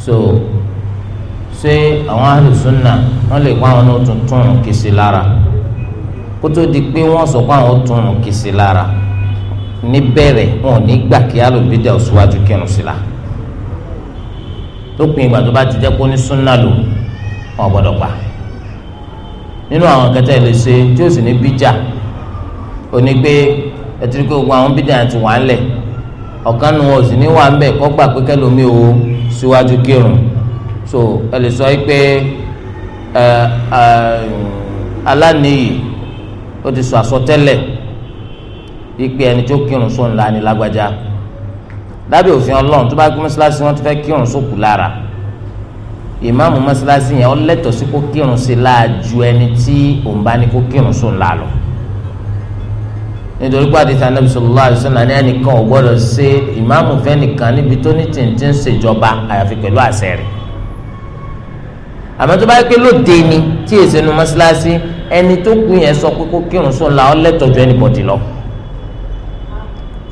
so ṣé àwọn àlù súnà wọn lè kó àwọn náà tún túnrùn kìsì lára kó tó di pé wọn sọ pé àwọn túnrùn kìsì lára níbẹ̀rẹ̀ wọn ò ní gbà kí alùbídà òṣùwájú kírun sí la tó pin ìgbà tó bá ti jẹ́ kó ní súnà lò wọn gbọ́dọ̀ gbà. nínú àwọn kẹtẹ lè ṣe tí ó sì ní bíjà ó pé ẹtìrí pé gbogbo àwọn bíjà ti wà ńlẹ̀ ọ̀kan nu wọn ò sì ní wà ńbẹ̀ kó gbà pé kẹlòmí o síwájú kírun so ẹ lè sọ pé aláníyì ó ti sọ àsọtẹ́lẹ̀ ipe ẹni tó kírun sóun ni lágbájá lábẹ́ òfin Ọlọ́run tó bá gbé mọ́ṣáláṣí wọn ti fẹ́ kírun lára. So, ìmáàmù mọ́sálásí yẹn ó lẹ́tọ̀ọ́ sí kó kírun sí láàjú ẹni tí òun bá ní kó kírun sùn lálọ́ nítorí pé àdìsá nàbì sallallahu alaihi wasallam ní ẹnìkan ò gbọ́dọ̀ ṣe ìmáàmù fẹ́nìkan níbi tó ní tìǹtì ń ṣèjọba àyàfi pẹ̀lú àṣẹ rẹ̀ àmọ́ tó bá yẹ pé lóde ni tí èsì nu mọ́sálásí ẹni tó kù yẹn sọ pé kó kírun sùn la ó lẹ́tọ̀ọ́ ju ẹnìbọ̀dì lọ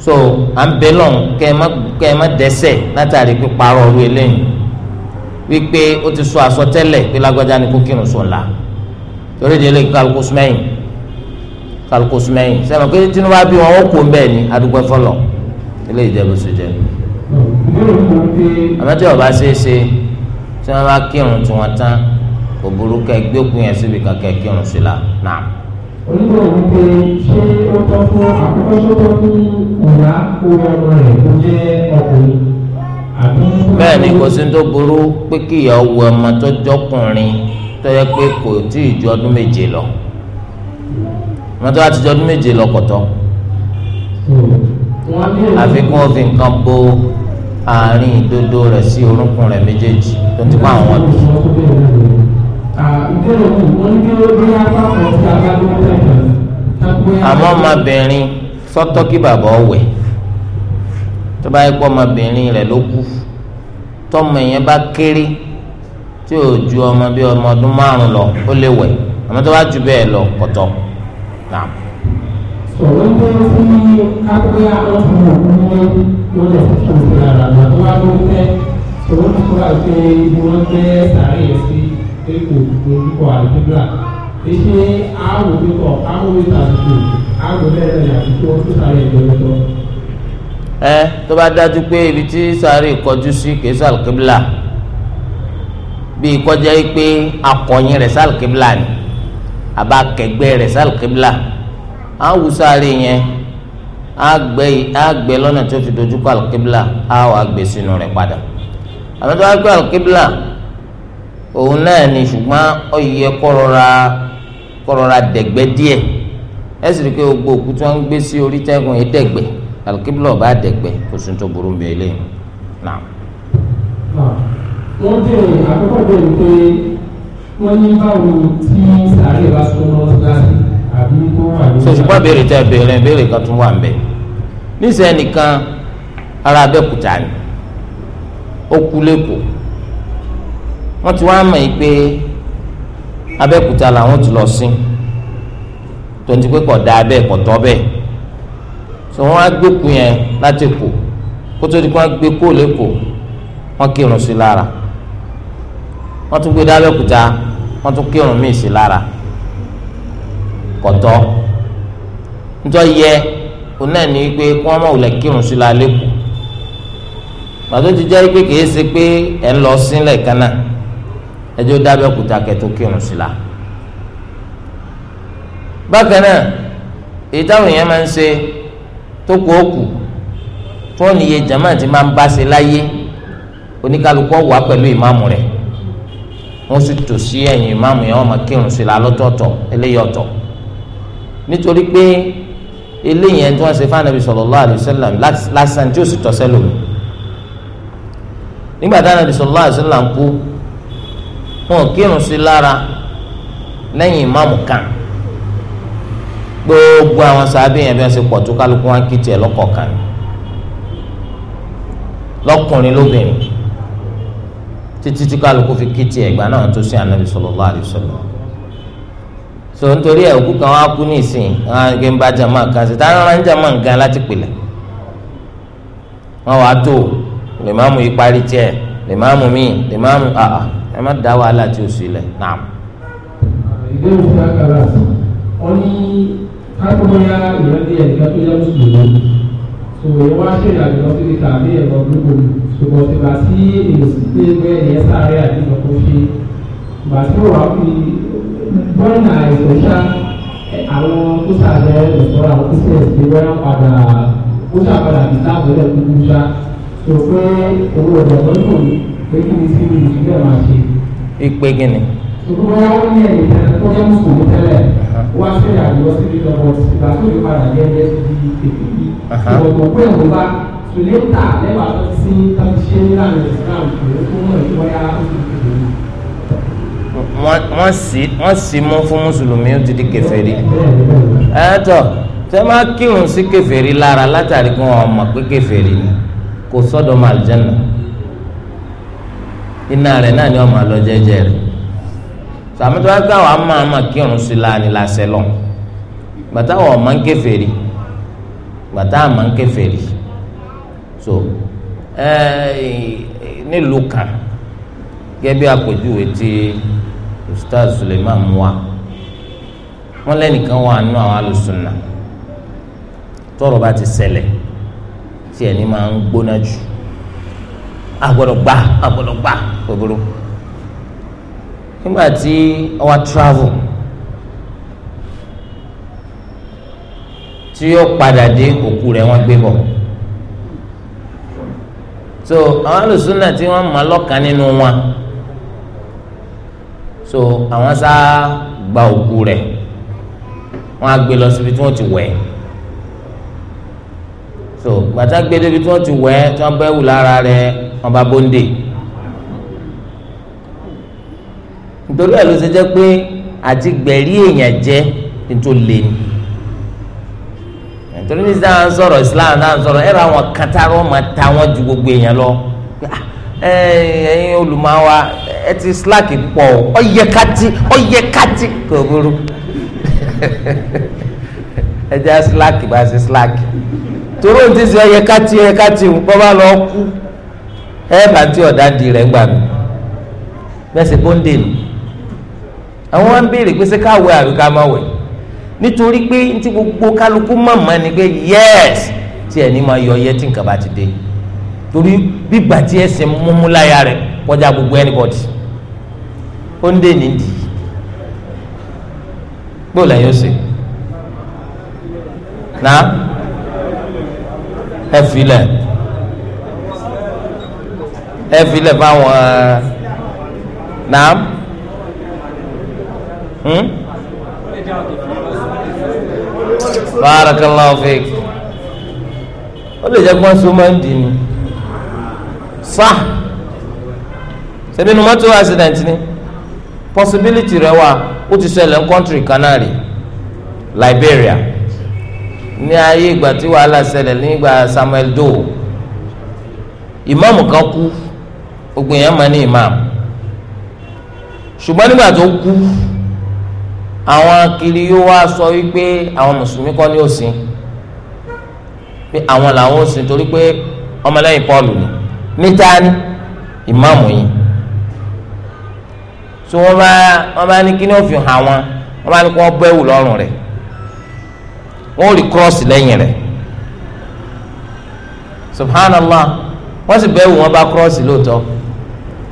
so à ń bẹ lọ́n kẹ́ ẹ má dẹ́sẹ̀ látàrí píparọ́ wípé o ti sọ àsọtẹ́lẹ̀ pé lágbájá ni kó kírun sùn la torí di eléyìí kálukú sùmẹ́yìn kálukú sùmẹ́yìn sẹ́mi pé tinubu bí wọn ó kó bẹ́ẹ̀ ni adúgbò fọlọ eléyìí jẹ́ bó ṣe jẹ́ ọba ṣe é ṣe tí wọ́n bá kírun tí wọ́n tán kò burú ká ẹgbẹ́ òkun yẹn síbi kankan kírun sí la náà. onígbà wo pé ṣé ó tọ́ fún àkókò tó fún ìyá kó ọmọ rẹ̀ kó jẹ́ ọkùnrin bẹ́ẹ̀ ni kò sí tó burú pé kí ìyàwó ọmọ tó jọkùnrin tó yẹ pé kò tí ì ju ọdún méje lọ ọmọ tó bá ti ju ọdún méje lọ kọ̀tọ́ àfikún òfin kan bo àárín ìdodo rẹ̀ sí orúnkún rẹ̀ méjèèjì tó ti pa àwọn bí. àmọ́ ọmọbìnrin sọ́tọ́ kí bàbá ọ̀wẹ̀ tó bá yẹ kó ọmọbìnrin rẹ̀ ló kú tọmọ yẹn bá kéré tí ò ju ọmọ bíi ọmọ ọdún márùn lọ ó lè wẹ̀ àmọ́ tó bá ju bẹ́ẹ̀ lọ kọ̀tọ̀ náà. sọ̀rọ̀ ń bẹ́ẹ̀ fún mi kápẹ́yà ọ̀sán ọ̀gbìn ló lè fún mi lára àgbà tó wá ló ń fẹ́ sọ̀rọ̀ ń fún wa pé ibi wọn fẹ́ sàárẹ̀ sí èkó orúkọ àdúgbà ṣé àwọn òbí kọ̀ àwọn òbí tàbí kò àwọn òbí ẹ̀rọ ìyàtúntò tó sàárẹ̀ ìjọba ẹ tó bá dájú pé ibi tí sáré kọjú sí kìí sọ àlùkébìlà bíi kọjá yìí pé akọ̀yìn rẹ̀ sálùkébìlà ni àbá kẹgbẹ́ rẹ̀ sálùkébìlà á wù sáré yẹn á gbẹ́ lọ́nà tó fi dojú kọ àlùkébìlà á wà gbé sínú rẹ̀ padà àmọ́ tó bá gbé àlùkébìlà òun náà ni ṣùgbọ́n ó yẹ kọ́rọ̀ra kọ́rọ̀ra dẹ̀gbẹ́ ẹ sì rí i pé gbogbo òkú tí wọ́n ń gbé sí orí tẹ́gùn yìí dẹ̀gbẹ́ alikibla ọba àdẹgbẹ kò sí tó burú mi eléyìí nà. wọ́n bèrè àkọ́kọ́ bèrè pé wọ́n ní báwo tí sàárè bá súnmọ́ síláṣí àbí kó wà ní. sọ̀sùpá béèrè tẹ béèrè béèrè kan tún wà ń bẹ̀ níṣẹ́ nìkan ara abẹ́kúta ni ó kú lẹ́kọ̀ọ́ wọ́n ti wá mọ̀ yìí pé abẹ́kúta làwọn ti lọ sí tontì pé kọ̀ tọ́ bẹ́ẹ̀ tó wọn á gbé yẹn láti kù kótó di kó wọn gbé kó lẹ́kọ̀ọ́ wọn kírun sí lára wọn tún gbé dábẹ́kúta wọn tún kírun míì sí lára kọ̀tọ́ njọ́ yẹ kó náà ní pé kó wọn máa wulẹ̀ kírun sí lára ti jẹ́ pé kìí ṣe tó kù ó kù fóònù yẹ jama ti máa ń bá ṣe láyé oníkálukú wà pẹ̀lú ìmáàmù rẹ̀ wọ́n sì tò sí ẹ̀yìn ìmáàmù yẹn wọ́n máa kírun sí la lọ́tọ̀ọ̀tọ̀ eléyìí ọ̀tọ̀ nítorí pé eléyìí ẹni tí wọ́n ṣe fáànàbí sallallahu alaihi wasallam lásán tí ó sì tọ́ sẹ́lòmí nígbà táwọn sallallahu alaihi wasallam kú wọn kírun sí lára lẹ́yìn ìmáàmù kan gbogbo àwọn sábẹ́ yẹn bí wọ́n ṣe pọ̀ tó kálukú wọn kì í tiẹ̀ lọ́kọ̀ọ̀kan lọ́kùnrin lóbìnrin títí tí kálukú fi kì í tiẹ̀ ìgbà náà tó sí anabi sallallahu alaihi wasallam so nítorí ẹ̀ òkú kan wá kú ní ìsìn àwọn akẹ́kẹ́ ń bá jama kan sí táwọn ará ń jama nǹkan láti pìlẹ̀ wọn wàá tó lè má mú ìparí tiẹ̀ lè má mú míì lè má mú àà ẹ má dá wàhálà tí o sì lẹ̀ náà. ìdí òkú kan kákòóyá ìrántí ẹ̀ka tó yá mùsùlùmí so èyí wá ṣe ìrìnàjò lọ sí ìta bí ẹ̀rọ gbogbo ṣùgbọ́n ti bá sí èsì pé pé ẹ̀yẹ sáré àti ìtọ́kọ ṣe ìgbà tí wọ́n wá fi bọ́ọ̀nà àìsàn ṣá àwọn tó ṣàjẹ́ ẹ̀sọ́ àwọn tó ṣe ẹ̀sìn wọ́n padà ó ṣàpadà bí táàbùrẹ̀ gbogbo ṣá so pé owó ọ̀dọ̀ lọ́dún pé kí ni sí ìdílé máa ṣe. ìpè gíní tòkó bóyá ó ní ẹ̀yìn tẹ́lẹ̀ tó jẹ́ mùsùlùmí tẹ́lẹ̀ wá sí ìyàwó lọ o lọ́wọ́ ìgbà tó o padà yẹ ẹgbẹ́ o èkó yìí ìwọ̀gbọ̀n o òun bá tòlẹ́ o lẹ́wà tó ti o tàbí ṣe nílànà Islam òun tó mọ̀ ní bóyá wọ́n sì wọ́n sì mú fún mùsùlùmí ó ti di kèfèrí ẹ tọ́ tẹ́ máa kírun sí kèfèrí lára látàrí kí wọ́n mọ̀ pé kèfèrí ni kò sọ́dọ̀ màlìjẹ́nà iná rẹ̀ náà ni wọ́n máa lọ jẹ́jẹ́ rẹ̀ sàmútọ ẹgbẹ àwọn amáàmà kírun sí láàánú lásẹ lọ gbàtà àwọn ọmọ ń kèfèrí gbàtà àmọ ń kèfèrí so ẹ nílùú kan gẹ́gẹ́ bí àpèjúwe ti ustaz suleiman muwa wọn lẹ́nìkan wà nù àwọn alùsùnà tọ́rọ̀ bá ti ṣẹlẹ̀ tí ẹni máa ń gbóná jù agbọ́dọ̀ gbà agbọ́dọ̀ gbà gbogbo nígbà tí ọwọ́ travel tí yóò padà dé òkú rẹ̀ wọ́n gbé bọ̀ so àwọn alùsùnà tí wọ́n mọ̀ lọ́kàn nínú wọn so àwọn sá gba òkú rẹ̀ wọ́n á gbé lọ síbi tí wọ́n ti wẹ̀ so gbàtà gbé débi tí wọ́n ti wẹ̀ tí wọ́n bẹ́ wù lára rẹ̀ wọ́n bá bóńdè. So, nítorí elu ló ṣe jẹ́ pé àti gbẹ̀rí èèyàn jẹ́ nítorí lè ní nítorí ní sáà ń sọ̀rọ̀ Islam náà ń sọ̀rọ̀ ẹ̀rọ àwọn kátàrọ̀ máa ta wọ́n ju gbogbo èèyàn lọ ah, olùmọ̀wá ẹ ti slack pọ̀ ẹ jẹ́ slack bá ṣe slack ti di rẹ̀ gbà mí àwọn wọn béèrè pé ṣé káwé àbí ká má wẹ̀ nítorí pé ní ti gbogbo kálukú mọ̀mọ́ ni pé yẹ́ẹ̀sì tí ẹni máa yọ yẹ tí nǹkan bá ti dé torí gbígbà tí ẹsẹ̀ múmú láyà rẹ̀ kọjá gbogbo anybody ó ń dè nídìí gbọ́dọ̀ yóò ṣe na ẹ filẹ̀ ẹ filẹ̀ fáwọn na. Hmm? barakallahu fik ó lè jẹ́ pọ́n sọ máa ń dì ní sá ṣebí accident ni possibility rẹ ti Liberia ní ayé ìgbà tí wàhálà nígbà Samuel Doe ìmáàmù kan kú gbogbo èèyàn máa ní ìmáàmù nígbà àwọn kiri yóò wá sọ wípé àwọn mùsùlùmí kọ́ ní òsín pé àwọn làwọn òsín torí pé ọmọlẹ́yìn pọ́ọ̀lù ni níta ni ìmáàmù yìí so wọ́n bá wọ́n bá ní kí ni ó fi hàn wọn wọ́n bá ní kí wọ́n bọ́ ẹ̀wù lọ́rùn rẹ̀ wọ́n ò rí kírọ́ọ̀sì lẹ́yìn rẹ̀ subhanallah wọ́n sì bẹ́ẹ̀ wù wọ́n bá kírọ́ọ̀sì lóòótọ́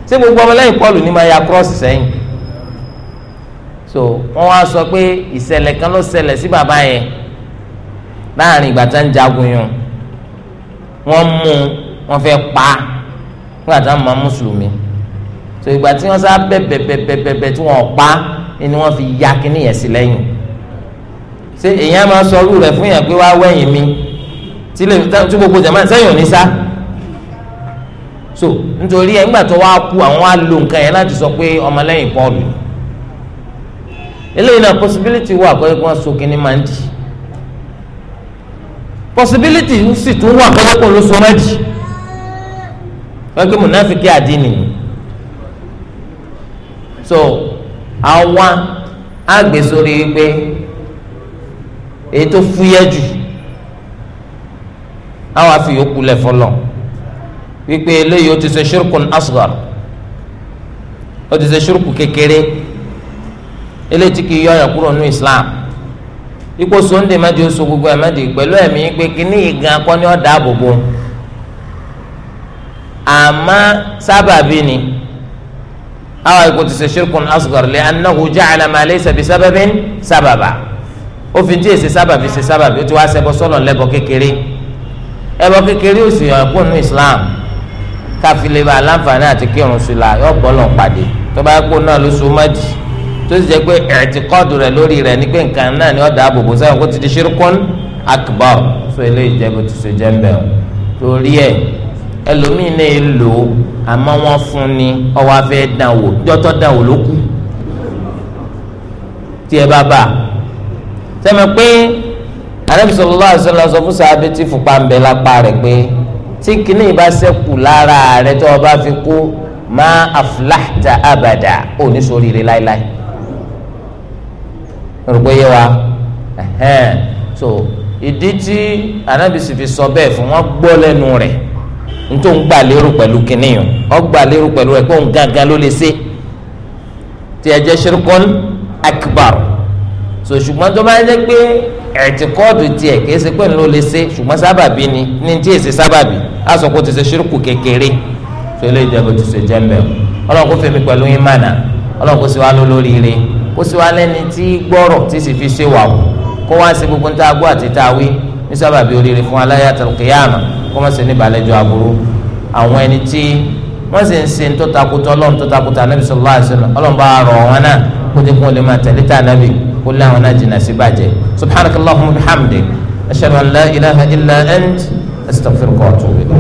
ṣé gbogbo ọmọlẹ́yìn pọ́ọ̀lù ni máa ya kírọ́ọ̀sì sẹ́yìn so wọn wá sọ pé ìṣẹ̀lẹ̀ kan ló ṣẹlẹ̀ sí bàbá yẹn láàrin ìgbà tá ń jagun yun wọn mú wọn fẹ́ pa nígbà tá ń mọ mùsùlùmí so ìgbà tí wọn sá bẹbẹbẹbẹbẹ tí wọn pa ni wọn fi ya kíní yẹn sí lẹ́yìn ṣé èèyàn máa sọ ọrú rẹ fún yẹn pé wá wẹ̀yìn mi tí gbogbo jàmbá sẹ́yìn ò ní sá so nítorí ẹ̀ ńgbà tó wá kú àwọn wá lo nǹkan yẹn láti sọ pé ọmọlẹ́yìn Pọ́ọ̀lù ni eléyìí náà possibility wà kọ́ ẹ̀kọ́ so kínní máa ń dì possibility sì tún wà kọ́ ẹ̀kọ́ ló so máa dì wọ́n pé mùnáfíkì àdínì ni so àwa àgbèsórí pé èyí tó fúyẹ́ jù àwa fi yòókù lẹ̀ fọlọ́ wípé eléyìí ó ti ṣe ṣírkùn asghar ó ti ṣe ṣírkù kékeré eléyìí tí kì í yọ ọyàn kúrò ní islam ipò sóńdè mẹ́jọ oṣù gbogbo ẹ̀mẹ́dì pẹ̀lú ẹ̀mí pé kíní ìgan akọ́ni ọ̀dà àbòbò àmọ́ sábàbí ni àwọn ikú ti ṣe ṣirkun asghar lé anáhu ja'ala ma laysa bi sábàbín sábàbà ó fi díẹ̀ ṣe sábàbí ṣe sábàbí ó ti wá ṣẹbọ sọ́lọ̀ lẹ́bọ kékeré ẹbọ kékeré ó yọ ẹ̀kú ní islam káfílẹ̀ bá aláǹfààní àti kírun sí yọ bọ́lọ̀ pàdé tó bá yẹ náà ló so má tó sì jẹ́ pé ẹ̀ẹ́dìkọ́dù rẹ̀ lórí rẹ̀ ni pé nǹkan náà ni ọ̀dà àbòbò sẹ́wọ̀n kó ti di ṣírkún akbar so eléyìí jẹ́ bó ti ṣe jẹ́ mbẹ́ o torí ẹ̀ ẹlòmíín náà lò ó àmọ́ wọ́n fún ni ọwọ́ afẹ́ dàn wò jọ́tọ́ dàn wò ló kù tí ẹ bá bà sẹ́mi pé Ànábì sallallahu sọ fún sàábé tí fúnpa ń bẹ lápá rẹ̀ pé tí kinní ìbá ṣẹ́kù lára rẹ̀ tó o bá fi kú ma aflahta abada ò ní sóríire láéláé. rògbò yé wa ẹhẹn so ìdí tí anabisi fi sọ bẹ́ẹ̀ fún wọn gbọ́ lẹnu rẹ nítorí òun gbà lérò pẹ̀lú kìnìún ọ gbà lérò pẹ̀lú rẹ̀ pé òun gangan ló lè ṣe tí ẹ jẹ́ ṣirikọ́n akbar so ṣùgbọ́n tó bá jẹ́ pé ẹ̀tìkọ́ọ̀dù tiẹ̀ kìí ṣe pé òun ló lè ṣe ṣùgbọ́n sábàbí ni ní tí èsì sábàbí á sọ pé ó ti ṣe ṣirikù kékeré tó lè ti ṣe sì lólórí ó sì wá lẹ́ni tí gbọ́rọ̀ tí sì fi ṣe wà wò kó wá sí gbogbo níta gbọ́ àti tá a wí ní sábàbí oríire fún aláyàtọ̀ kìyàmà kó má ṣe ní ìbàlẹ́jọ́ aburú àwọn ẹni tí wọ́n sì ń ṣe ń tọ́ta kutọ́ ọlọ́run tọ́ta kutọ́ anábì sallallahu alaihi ọlọ́run bá rọ̀ wọn náà kó dé kún lè máa tẹ̀lé tá anábì kó lé àwọn náà jìnnà sí bàjẹ́ subhanakallahumma wa bihamdik ashhadu an la ilaha illa ant astaghfiruka wa atubu ilayk.